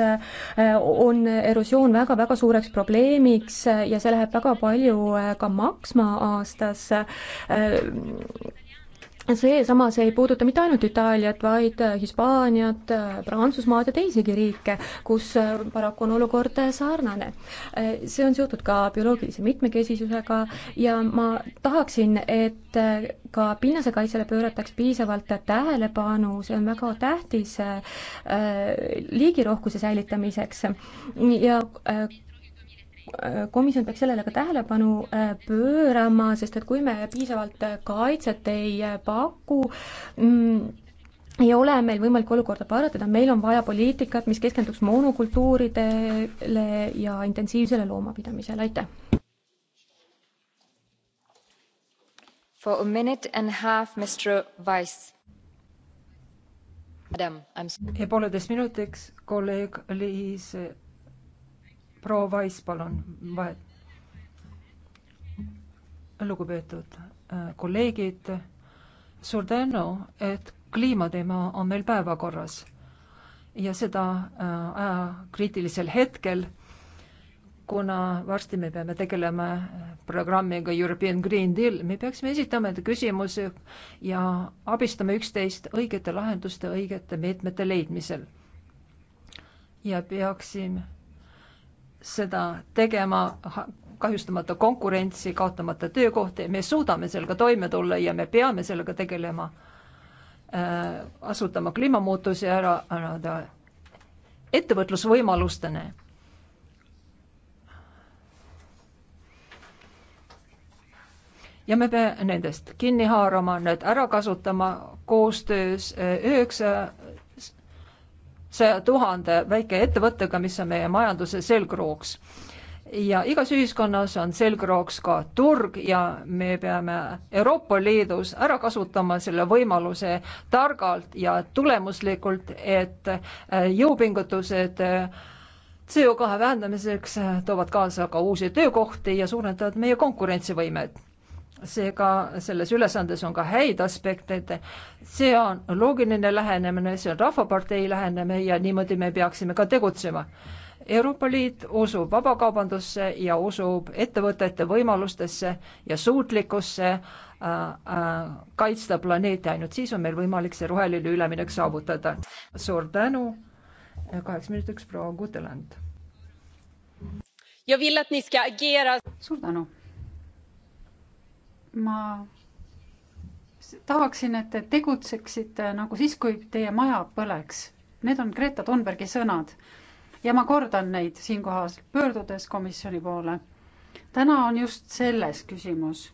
on erosioon väga-väga suureks probleemiks ja see läheb väga palju ka maksma aastas see samas ei puuduta mitte ainult Itaaliat, vaid äh, Hispaaniat, äh, Prantsusmaad ja teisigi riike, kus äh, paraku on olukord sarnane. see on seotud ka bioloogilise mitmekesisusega ja ma tahaksin, et ka pinnasekaitsele pöörataks piisavalt tähelepanu, see on väga tähtis liigirohkuse säilitamiseks ja komisjon peaks sellele ka tähelepanu äh, pöörama, sest et kui me piisavalt äh, kaitset ei äh, paku, mm, ei ole meil võimalik olukorda paratada, meil on vaja poliitikat, mis keskenduks monokultuuridele ja intensiivsele loomapidamisele, aitäh! For a minute and a half, Mr Wise. Madam, I am. ja pooleteist minutiks kolleeg Liis proua Wise, palun, vahet. lugupeetud äh, kolleegid, suur tänu, et kliimateema on meil päevakorras ja seda äh, ajakriitilisel hetkel, kuna varsti me peame tegelema äh, programmiga European Green Deal, me peaksime esitama enda küsimusi ja abistama üksteist õigete lahenduste, õigete meetmete leidmisel. ja peaksime seda tegema, kahjustamata konkurentsi, kaotamata töökohti, me suudame sellega toime tulla ja me peame sellega tegelema äh,, asutama kliimamuutusi ära, ära ettevõtlusvõimalustena. ja me peame nendest kinni haarama, need ära kasutama koostöös äh, üheksa saja tuhande väikeettevõttega, mis on meie majanduse selgrooks. ja igas ühiskonnas on selgrooks ka turg ja me peame Euroopa Liidus ära kasutama selle võimaluse targalt ja tulemuslikult, et äh, jõupingutused äh, CO2 vähendamiseks äh, toovad kaasa ka uusi töökohti ja suurendavad meie konkurentsivõimet seega selles ülesandes on ka häid aspekte, et see on loogiline lähenemine, see on Rahvapartei lähenemine ja niimoodi me peaksime ka tegutsema. Euroopa Liit usub vabakaubandusse ja usub ettevõtete võimalustesse ja suutlikkusse äh, äh, kaitsta planeeti, ainult siis on meil võimalik see roheline üleminek saavutada. suur tänu, kaheks minutiks proua Kuteland. suur tänu ma tahaksin, et te tegutseksite nagu siis, kui teie maja põleks. Need on Greta Thunbergi sõnad ja ma kordan neid siinkohas, pöördudes komisjoni poole. täna on just selles küsimus.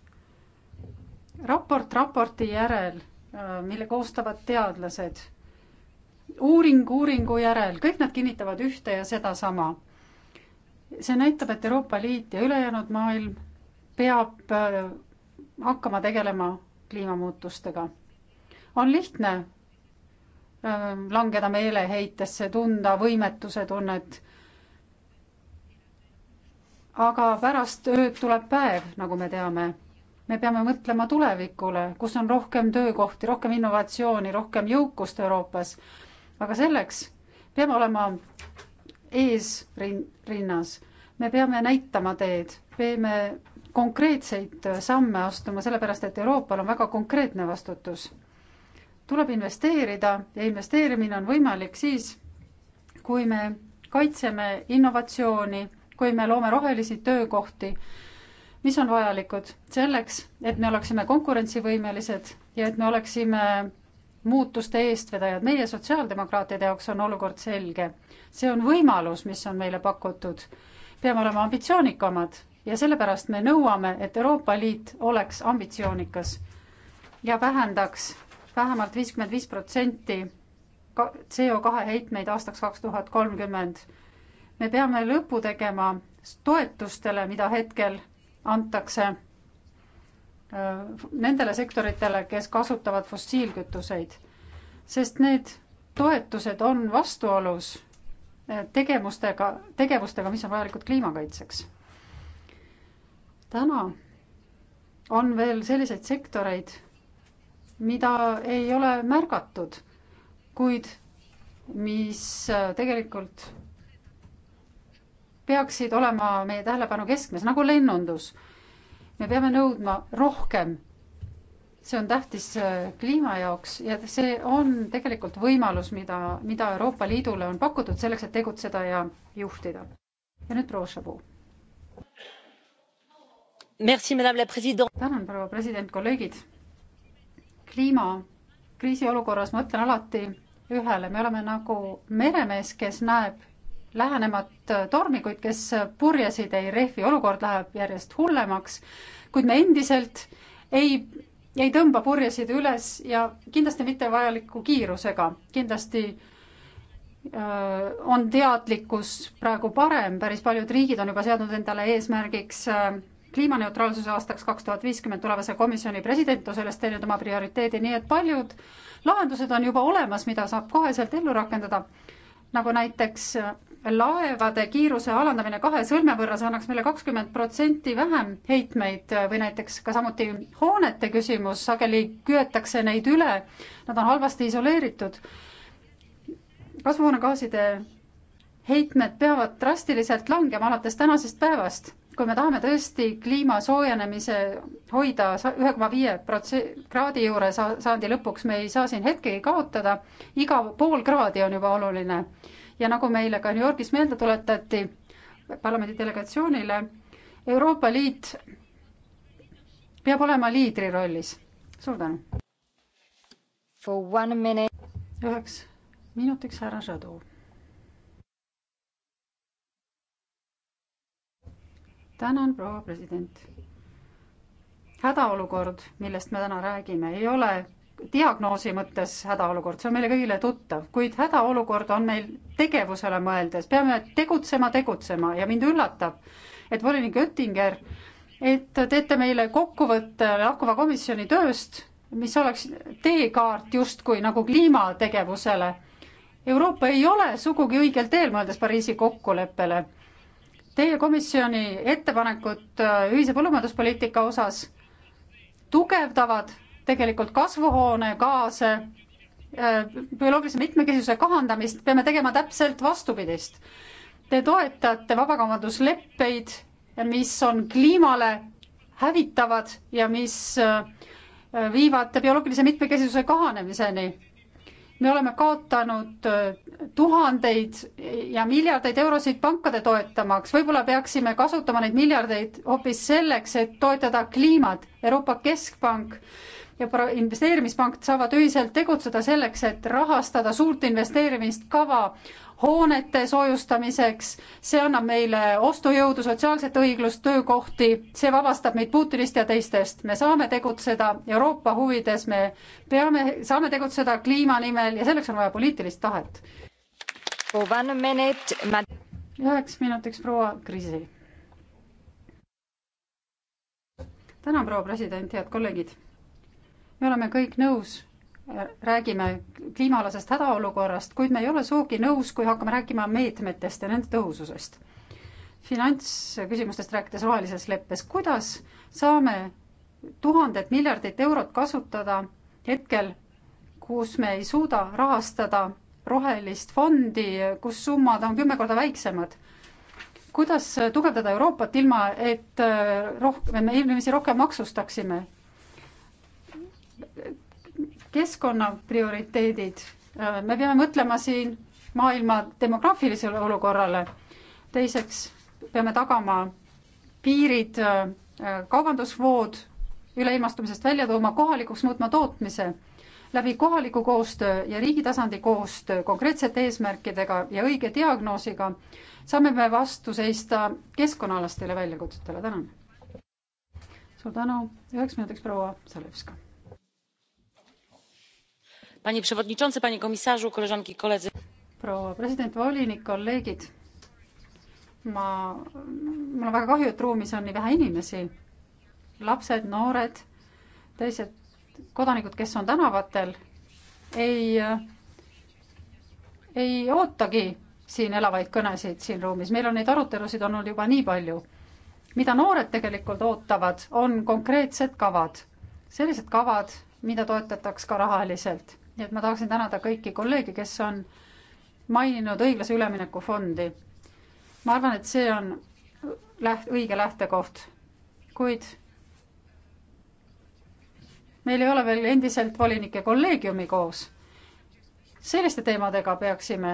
raport raporti järel, äh, mille koostavad teadlased, uuring uuringu järel, kõik nad kinnitavad ühte ja sedasama. see näitab, et Euroopa Liit ja ülejäänud maailm peab äh, hakkama tegelema kliimamuutustega. on lihtne ähm, langeda meeleheitesse, tunda võimetuse tunnet. aga pärast ööd tuleb päev, nagu me teame. me peame mõtlema tulevikule, kus on rohkem töökohti, rohkem innovatsiooni, rohkem jõukust Euroopas. aga selleks peame olema eesrinnas, me peame näitama teed, peame konkreetseid äh, samme astuma, sellepärast et Euroopal on väga konkreetne vastutus. tuleb investeerida ja investeerimine on võimalik siis, kui me kaitseme innovatsiooni, kui me loome rohelisi töökohti, mis on vajalikud selleks, et me oleksime konkurentsivõimelised ja et me oleksime muutuste eestvedajad. meie sotsiaaldemokraatide jaoks on olukord selge. see on võimalus, mis on meile pakutud. peame olema ambitsioonikamad ja sellepärast me nõuame, et Euroopa Liit oleks ambitsioonikas ja vähendaks vähemalt viiskümmend viis protsenti CO kahe heitmeid aastaks kaks tuhat kolmkümmend. me peame lõpu tegema toetustele, mida hetkel antakse nendele sektoritele, kes kasutavad fossiilkütuseid, sest need toetused on vastuolus eh, tegevustega, tegevustega, mis on vajalikud kliimakaitseks täna on veel selliseid sektoreid, mida ei ole märgatud, kuid mis äh, tegelikult peaksid olema meie tähelepanu keskmes, nagu lennundus. me peame nõudma rohkem. see on tähtis äh, kliima jaoks ja see on tegelikult võimalus, mida, mida Euroopa Liidule on pakutud selleks, et tegutseda ja juhtida. ja nüüd proua Šabu tänan, proua president, kolleegid. kliimakriisi olukorras ma mõtlen alati ühele, me oleme nagu meremees, kes näeb lähenemat tormi, kuid kes purjesid ei rehvi, olukord läheb järjest hullemaks, kuid me endiselt ei, ei tõmba purjesid üles ja kindlasti mitte vajaliku kiirusega, kindlasti öö, äh, on teadlikkus praegu parem, päris paljud riigid on juba seadnud endale eesmärgiks öö, äh, kliimaneutraalsuse aastaks kaks tuhat viiskümmend tulevase komisjoni president on sellest teinud oma prioriteedi, nii et paljud lahendused on juba olemas, mida saab koheselt ellu rakendada, nagu näiteks äh, laevade kiiruse alandamine kahe sõlme võrra, see annaks meile kakskümmend protsenti vähem heitmeid äh, või näiteks ka samuti hoonete küsimus, sageli köetakse neid üle, nad on halvasti isoleeritud. kasvuhoonegaaside heitmed peavad drastiliselt langema alates tänasest päevast kui me tahame tõesti kliima soojenemise hoida ühe koma viie protsendi kraadi juures sajandi lõpuks, me ei saa siin hetkegi kaotada, iga pool kraadi on juba oluline. ja nagu meile ka New Yorgis meelde tuletati parlamendi delegatsioonile, Euroopa Liit peab olema liidri rollis. suur tänu. üheks minutiks härra Žadu tänan, proua president. hädaolukord, millest me täna räägime, ei ole diagnoosi mõttes hädaolukord, see on meile kõigile tuttav, kuid hädaolukord on meil tegevusele mõeldes, peame tegutsema, tegutsema ja mind üllatab, et volinik Oettinger, et teete meile kokkuvõtte lahkuva komisjoni tööst, mis oleks teekaart justkui nagu kliimategevusele. Euroopa ei ole sugugi õigel teel, mõeldes Pariisi kokkuleppele teie komisjoni ettepanekud äh, ühise põllumajanduspoliitika osas tugevdavad tegelikult kasvuhoonegaase, äh, bioloogilise mitmekesisuse kahandamist, peame tegema täpselt vastupidist. Te toetate vabakaubandusleppeid, mis on kliimale hävitavad ja mis äh, viivad bioloogilise mitmekesisuse kahanemiseni me oleme kaotanud äh, tuhandeid ja miljardeid eurosid pankade toetamaks, võib-olla peaksime kasutama neid miljardeid hoopis selleks, et toetada kliimat. Euroopa Keskpank ja investeerimispank saavad ühiselt tegutseda selleks, et rahastada suurt investeerimiskava hoonete soojustamiseks, see annab meile ostujõudu, sotsiaalset õiglust, töökohti, see vabastab meid Putinist ja teistest. me saame tegutseda Euroopa huvides, me peame, saame tegutseda kliima nimel ja selleks on vaja poliitilist tahet. üheks minutiks proua Krisi. tänan, proua president, head kolleegid me oleme kõik nõus, äh, räägime kliimaalasest hädaolukorrast, kuid me ei ole sugugi nõus, kui hakkame rääkima meetmetest ja nende tõhususest. finantsküsimustest rääkides rohelises leppes, kuidas saame tuhandet miljardit eurot kasutada hetkel, kus me ei suuda rahastada rohelist fondi, kus summad on kümme korda väiksemad kuidas tugevdada Euroopat ilma, et äh, rohkem, me inimesi rohkem maksustaksime keskkonna prioriteedid, me peame mõtlema siin maailma demograafilisele olukorrale, teiseks peame tagama piirid, kaubandusvood, üleilmastumisest välja tooma, kohalikuks muutma tootmise, läbi kohaliku koostöö ja riigi tasandi koostöö konkreetsete eesmärkidega ja õige diagnoosiga saame me vastu seista keskkonnaalastele väljakutsetele, tänan. suur tänu, üheks minutiks proua Zalevska proua president, volinik, kolleegid. ma, mul on väga kahju, et ruumis on nii vähe inimesi. lapsed, noored, teised kodanikud, kes on tänavatel, ei, ei ootagi siin elavaid kõnesid siin ruumis, meil on neid arutelusid olnud juba nii palju. mida noored tegelikult ootavad, on konkreetsed kavad, sellised kavad, mida toetataks ka rahaliselt nii et ma tahaksin tänada kõiki kolleege, kes on maininud õiglase ülemineku fondi. ma arvan, et see on läht-, õige lähtekoht, kuid meil ei ole veel endiselt volinike kolleegiumi koos. selliste teemadega peaksime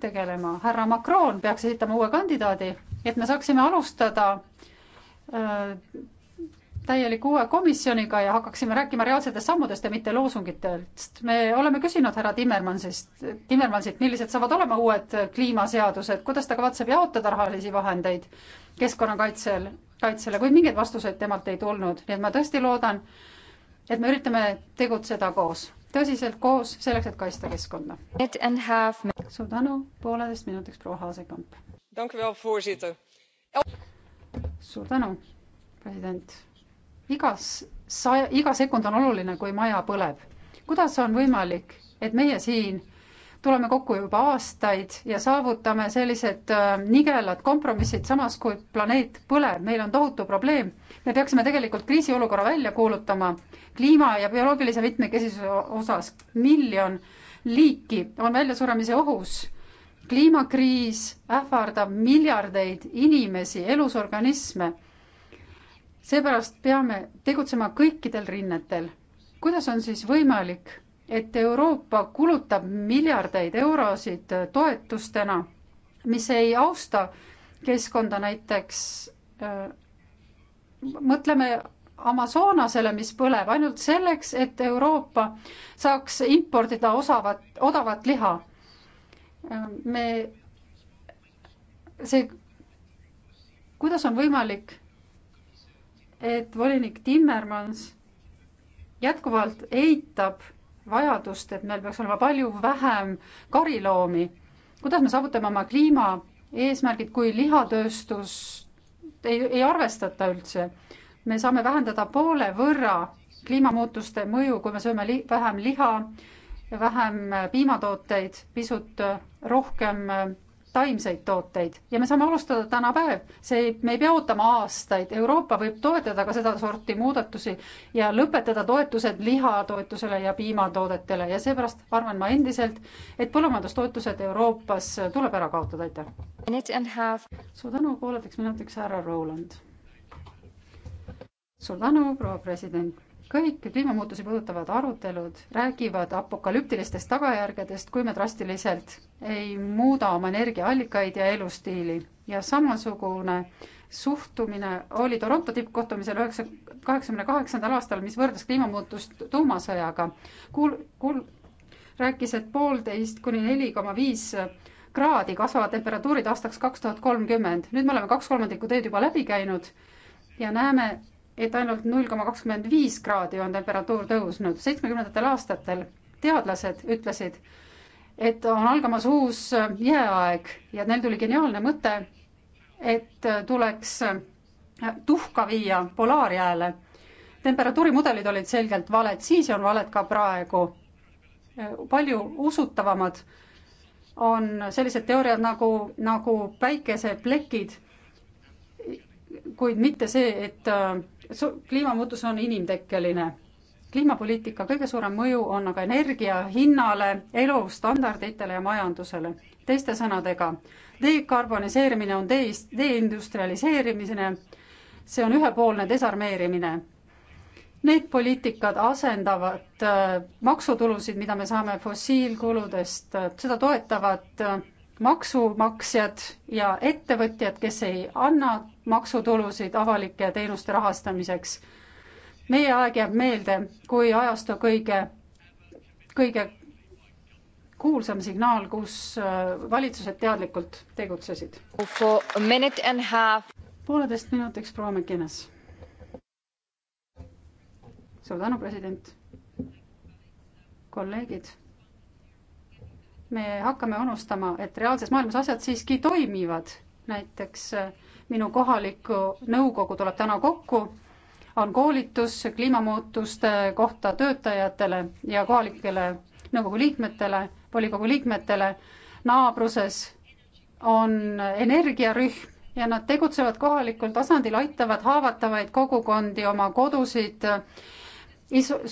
tegelema. härra Macron peaks esitama uue kandidaadi, et me saaksime alustada öö, äh, täieliku uue komisjoniga ja hakkaksime rääkima reaalsetest sammudest ja mitte loosungitest. me oleme küsinud härra Timmermansist, Timmermansilt, millised saavad olema uued kliimaseadused, kuidas ta kavatseb jaotada rahalisi vahendeid keskkonnakaitsel, kaitsele, kuid mingeid vastuseid temalt ei tulnud, nii et ma tõesti loodan, et me üritame tegutseda koos, tõsiselt koos, selleks, et kaitsta keskkonda. suur tänu, pooleteist minutiks proua Haasekamp. suur tänu, president igas saja, iga sekund on oluline, kui maja põleb. kuidas on võimalik, et meie siin tuleme kokku juba aastaid ja saavutame sellised äh, nigelad kompromissid, samas kui planeet põleb, meil on tohutu probleem. me peaksime tegelikult kriisiolukorra välja kuulutama kliima ja bioloogilise mitmekesisuse osas. miljon liiki on väljasuremise ohus. kliimakriis ähvardab miljardeid inimesi, elusorganisme seepärast peame tegutsema kõikidel rinnetel. kuidas on siis võimalik, et Euroopa kulutab miljardeid eurosid toetustena, mis ei austa keskkonda näiteks äh, mõtleme Amazonasele, mis põleb ainult selleks, et Euroopa saaks importida osavat, odavat liha. Äh, me, see, kuidas on võimalik et volinik Timmermans jätkuvalt eitab vajadust, et meil peaks olema palju vähem kariloomi. kuidas me saavutame oma kliimaeesmärgid, kui lihatööstus ei, ei arvestata üldse? me saame vähendada poole võrra kliimamuutuste mõju, kui me sööme li vähem liha, vähem piimatooteid, pisut rohkem taimseid tooteid ja me saame alustada täna päev, see, me ei pea ootama aastaid, Euroopa võib toetada ka sedasorti muudatusi ja lõpetada toetused lihatoetusele ja piimatoodetele ja seepärast arvan ma endiselt, et põllumajandustoetused Euroopas tuleb ära kaotada, aitäh. suur tänu, pooleteks minutiks härra Roland. suur tänu, proua president kõik kliimamuutusi puudutavad arutelud räägivad apokalüptilistest tagajärgedest, kui me drastiliselt ei muuda oma energiaallikaid ja elustiili. ja samasugune suhtumine oli Toronto tippkohtumisel üheksa, kaheksakümne kaheksandal aastal, mis võrdles kliimamuutust tuumasõjaga. kuul-, kuul-, rääkis, et poolteist kuni neli koma viis kraadi kasvavad temperatuurid aastaks kaks tuhat kolmkümmend. nüüd me oleme kaks kolmandikku teed juba läbi käinud ja näeme, et ainult null koma kakskümmend viis kraadi on temperatuur tõusnud. seitsmekümnendatel aastatel teadlased ütlesid, et on algamas uus jääaeg ja neil tuli geniaalne mõte, et tuleks tuhka viia polaarjääle. temperatuurimudelid olid selgelt valed siis ja on valed ka praegu. palju usutavamad on sellised teooriad nagu, nagu päikeseplekid kuid mitte see, et äh, kliimamuutus on inimtekkeline. kliimapoliitika kõige suurem mõju on aga energia hinnale, elustandarditele ja majandusele. teiste sõnadega, dekarboniseerimine on de-, deindustrialiseerimine, see on ühepoolne desarmeerimine. Need poliitikad asendavad äh, maksutulusid, mida me saame fossiilkuludest, äh, seda toetavad maksumaksjad ja ettevõtjad, kes ei anna maksutulusid avalike teenuste rahastamiseks. meie aeg jääb meelde kui ajastu kõige, kõige kuulsam signaal, kus äh, valitsused teadlikult tegutsesid. pooleteist minutiks proua McGuinness. suur tänu, president. kolleegid me hakkame unustama, et reaalses maailmas asjad siiski toimivad näiteks eh, minu kohalik nõukogu tuleb täna kokku, on koolitus kliimamuutuste kohta töötajatele ja kohalikele nõukogu liikmetele, volikogu liikmetele, naabruses on energiarühm ja nad tegutsevad kohalikul tasandil, aitavad haavatavaid kogukondi oma kodusid eh,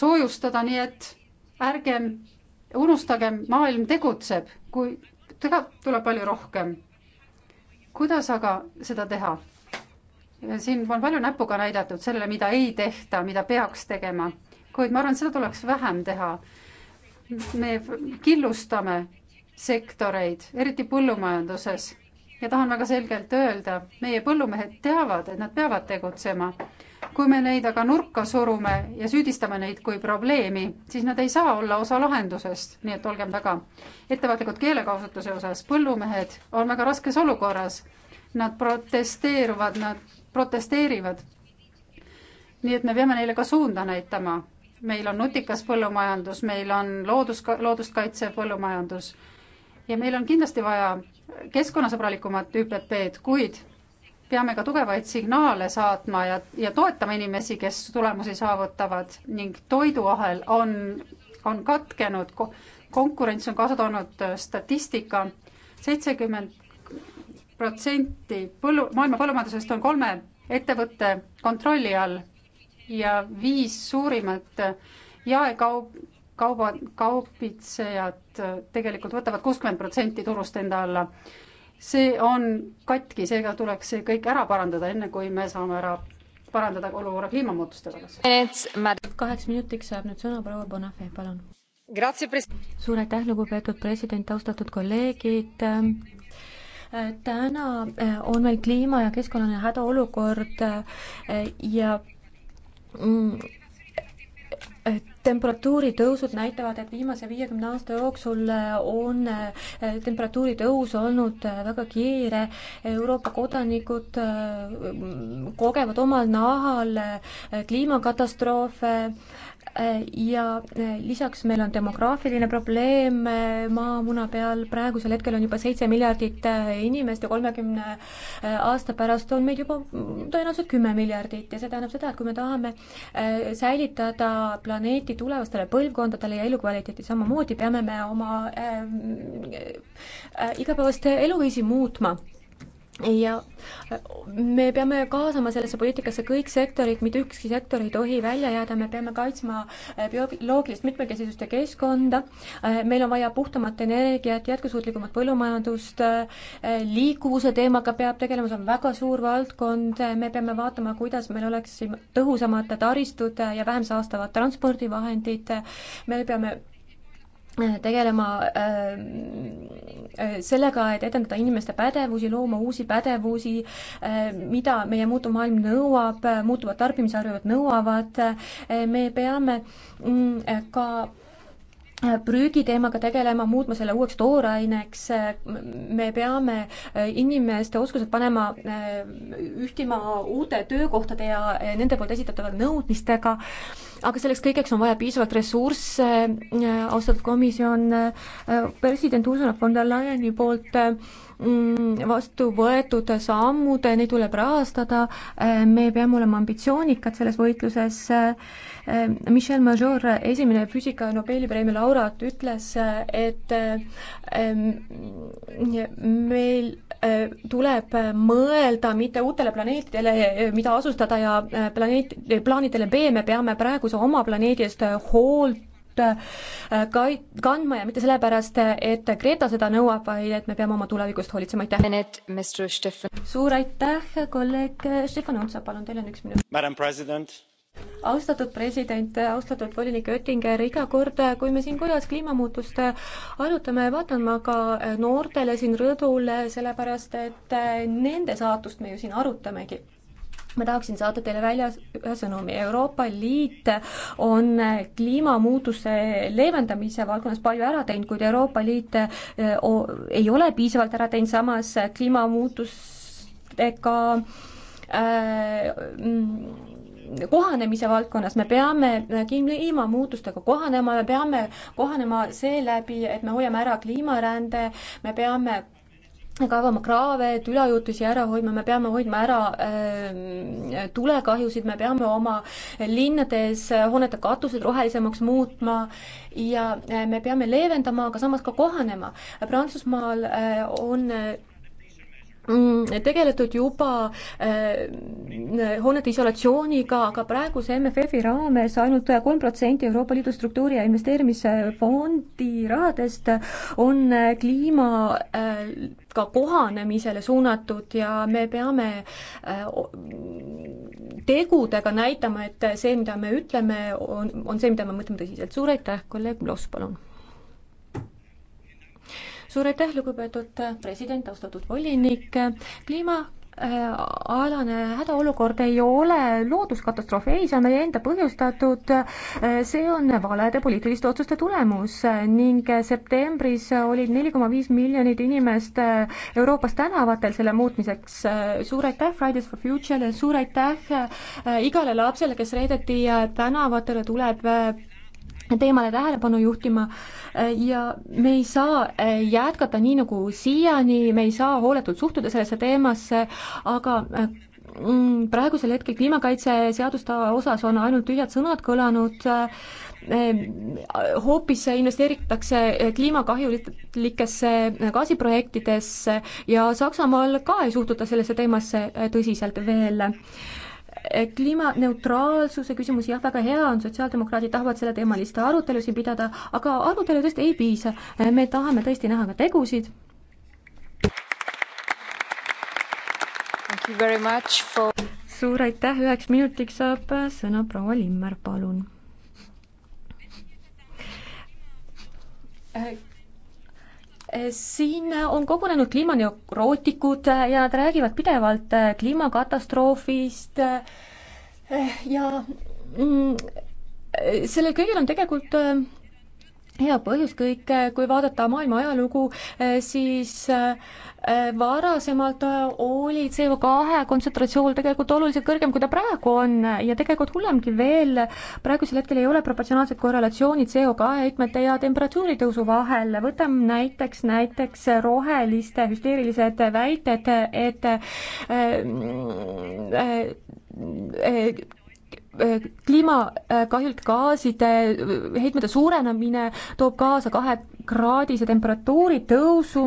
soojustada, nii et ärgem unustagem, maailm tegutseb, kui tegelikult tuleb palju rohkem kuidas aga seda teha? siin on palju näpuga näidatud sellele, mida ei tehta, mida peaks tegema, kuid ma arvan, seda tuleks vähem teha. me killustame sektoreid, eriti põllumajanduses ja tahan väga selgelt öelda, meie põllumehed teavad, et nad peavad tegutsema. kui me neid aga nurka surume ja süüdistame neid kui probleemi, siis nad ei saa olla osa lahendusest, nii et olgem väga ettevaatlikud keelekasutuse osas. põllumehed on väga raskes olukorras. Nad protesteeruvad, nad protesteerivad. nii et me peame neile ka suunda näitama. meil on nutikas põllumajandus, meil on loodus, loodust kaitsev põllumajandus ja meil on kindlasti vaja keskkonnasõbralikumat ÜPP-d, kuid peame ka tugevaid signaale saatma ja, ja toetama inimesi, kes tulemusi saavutavad ning toiduahel on, on katkenud, konkurents on kaasa toonud äh, statistika, seitsekümmend protsenti põllu, maailma põllumajandusest on kolme ettevõtte kontrolli all ja viis suurimat äh, jaekaup, kauba, kaubitsejad tegelikult võtavad kuuskümmend protsenti turust enda alla. see on katki, seega tuleks see kõik ära parandada, enne kui me saame ära parandada olukorra kliimamuutuste vallas. kaheks minutiks saab nüüd sõna proua Bonafé, palun. suur aitäh, lugupeetud president, austatud kolleegid täna on meil kliima ja keskkonnane hädaolukord ja et temperatuuri tõusud näitavad, et viimase viiekümne aasta jooksul äh, on äh, temperatuuri tõus olnud äh, väga kiire. Euroopa kodanikud kogevad omal nahal kliimakatastroofe ja lisaks meil on demograafiline probleem maamuna peal, praegusel hetkel on juba seitse miljardit inimest ja kolmekümne aasta pärast on meid juba tõenäoliselt kümme miljardit ja see tähendab seda, et kui me tahame säilitada planeeti läbi tulevastele põlvkondadele ja elukvaliteeti samamoodi peame me oma äh, äh, igapäevast eluviisi muutma ja äh, me peame kaasama sellesse poliitikasse kõik sektorid, mitte ükski sektor ei tohi välja jääda, me peame kaitsma äh, bioloogilist mitmekesisust ja keskkonda, äh, meil on vaja puhtamat energiat, jätkusuutlikumat põllumajandust, liikuvuse teemaga peab tegelema, see on väga suur valdkond, me peame vaatama, kuidas meil oleks tõhusamad taristud ja vähem saastavad transpordivahendid, me peame tegelema ähm, sellega, et edendada inimeste pädevusi, looma uusi pädevusi, ähm, mida meie muutuv maailm nõuab, muutuvad tarbimisharjumused nõuavad, äh, me peame mm, ka prügiteemaga tegelema, muutma selle uueks tooraineks, me peame äh, inimeste oskused panema äh, ühtima uute töökohtade ja äh, nende poolt esitatava nõudmistega, aga selleks kõigeks on vaja piisavalt ressursse, austatud komisjon, president Ursula von der Leyeni poolt Mm, vastu võetud sammud, neid tuleb rahastada, eh, me peame olema ambitsioonikad selles võitluses. Eh, Michel Major, esimene füüsika Nobeli preemia laureaat, ütles, et eh, mm, meil tuleb mõelda mitte uutele planeetidele, mida asustada ja planeet, plaanidele B, me peame praeguse oma planeedi eest hoolt Äh, kai-, kandma ja mitte sellepärast, et Greta seda nõuab, vaid et me peame oma tulevikust hoolitsema, aitäh! suur aitäh, kolleeg Stefan Otsa, palun, teil on üks minut austatud president, austatud volinik Oettinger, iga kord, kui me siin kojas kliimamuutust arutame, vaatan ma ka noortele siin rõdul, sellepärast et nende saatust me ju siin arutamegi ma tahaksin saata teile välja ühe sõnumi, Euroopa Liit on kliimamuutuse leevendamise valdkonnas palju ära teinud, kuid Euroopa Liit eh, ei ole piisavalt ära teinud, samas kliimamuutustega äh, kohanemise valdkonnas, me peame kliimamuutustega kohanema, me peame kohanema seeläbi, et me hoiame ära kliimarände, me peame kaevama kraave, et üleujutusi ära hoidma, me peame hoidma ära äh, tulekahjusid, me peame oma linnades hoonete katused rohelisemaks muutma ja äh, me peame leevendama, aga samas ka kohanema. Prantsusmaal äh, on äh, Mm, tegeletud juba äh, hoonete isolatsiooniga, aga praeguse MFF-i raames ainult kolm protsenti Euroopa Liidu struktuuri- ja investeerimisfondi rahadest on äh, kliima äh, ka kohanemisele suunatud ja me peame äh, tegudega näitama, et see, mida me ütleme, on, on see, mida me mõtleme tõsiselt. suur aitäh, kolleeg Bloss, palun! suur aitäh, lugupeetud president, austatud volinik, kliima äh, alane hädaolukord ei ole looduskatastroof, ei, see on meie enda põhjustatud, äh, see on valede poliitiliste otsuste tulemus ning äh, septembris olid neli koma viis miljonit inimest Euroopas tänavatel selle muutmiseks. suur aitäh Fridays for Future'le, suur aitäh igale lapsele, kes reedeti tänavatele tuleb teemale tähelepanu juhtima äh, ja me ei saa äh, jätkata nii nagu siiani, me ei saa hooletult suhtuda sellesse teemasse, aga äh, mm, praegusel hetkel kliimakaitseseaduste osas on ainult tühjad sõnad kõlanud, hoopis investeeritakse kliimakahjulikesse gaasiprojektidesse ja Saksamaal ka ei suhtuta sellesse teemasse tõsiselt veel kliimaneutraalsuse küsimus, jah, väga hea on, sotsiaaldemokraadid tahavad selleteemalist arutelu siin pidada, aga aruteludest ei piisa. me tahame tõesti näha ka tegusid. For... suur aitäh, üheks minutiks saab sõna proua Limmer, palun äh, siin on kogunenud kliimaneurotikud ja nad räägivad pidevalt eh, kliimakatastroofist eh, ja mm, eh, sellel kõigel on tegelikult hea põhjus kõik, äh, kui vaadata maailma ajalugu, äh, siis äh, varasemalt oli CO kahe kontsentratsioon tegelikult oluliselt kõrgem, kui ta praegu on ja tegelikult hullemgi veel, praegusel hetkel ei ole proportsionaalset korrelatsiooni CO kahe heitmete ja temperatuuri tõusu vahel, võtame näiteks, näiteks roheliste hüsteerilised väited, et äh, äh, äh, kliimakahjulik gaaside heitmete suurenemine toob kaasa kahekraadise temperatuuri tõusu.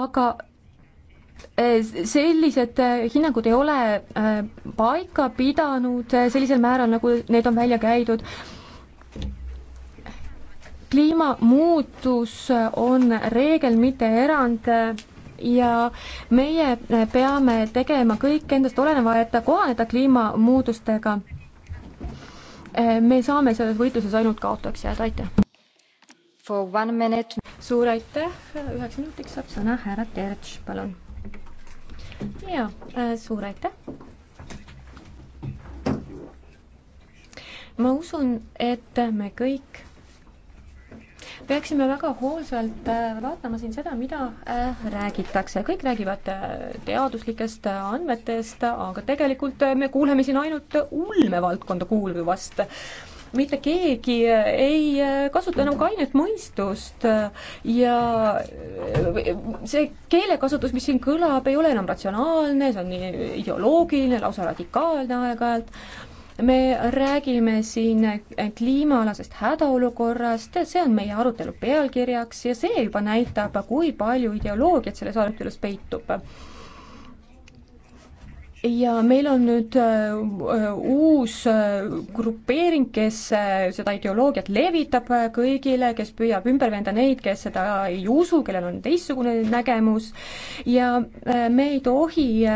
aga sellised hinnangud ei ole paika pidanud sellisel määral, nagu need on välja käidud kliimamuutus on reegel, mitte erand ja meie peame tegema kõik endast oleneva, et kohaneda kliimamuutustega. me saame selles võitluses ainult kaotajaks jääda, aitäh. suur aitäh, üheks minutiks saab sõna härra Terts, palun. ja äh, suur aitäh. ma usun, et me kõik peaksime väga hoolsalt äh, vaatama siin seda, mida äh, räägitakse, kõik räägivad äh, teaduslikest andmetest, aga tegelikult me kuuleme siin ainult ulmevaldkonda kuuluvast mitte keegi ei kasuta enam kainet mõistust ja see keelekasutus, mis siin kõlab, ei ole enam ratsionaalne, see on ideoloogiline, lausa radikaalne aeg-ajalt me räägime siin kliimaalasest hädaolukorrast, see on meie arutelu pealkirjaks ja see juba näitab, kui palju ideoloogiat selles arutelus peitub ja meil on nüüd äh, uus äh, grupeering, kes äh, seda ideoloogiat levitab kõigile, kes püüab ümber veenda neid, kes seda ei usu, kellel on teistsugune nägemus ja me ei tohi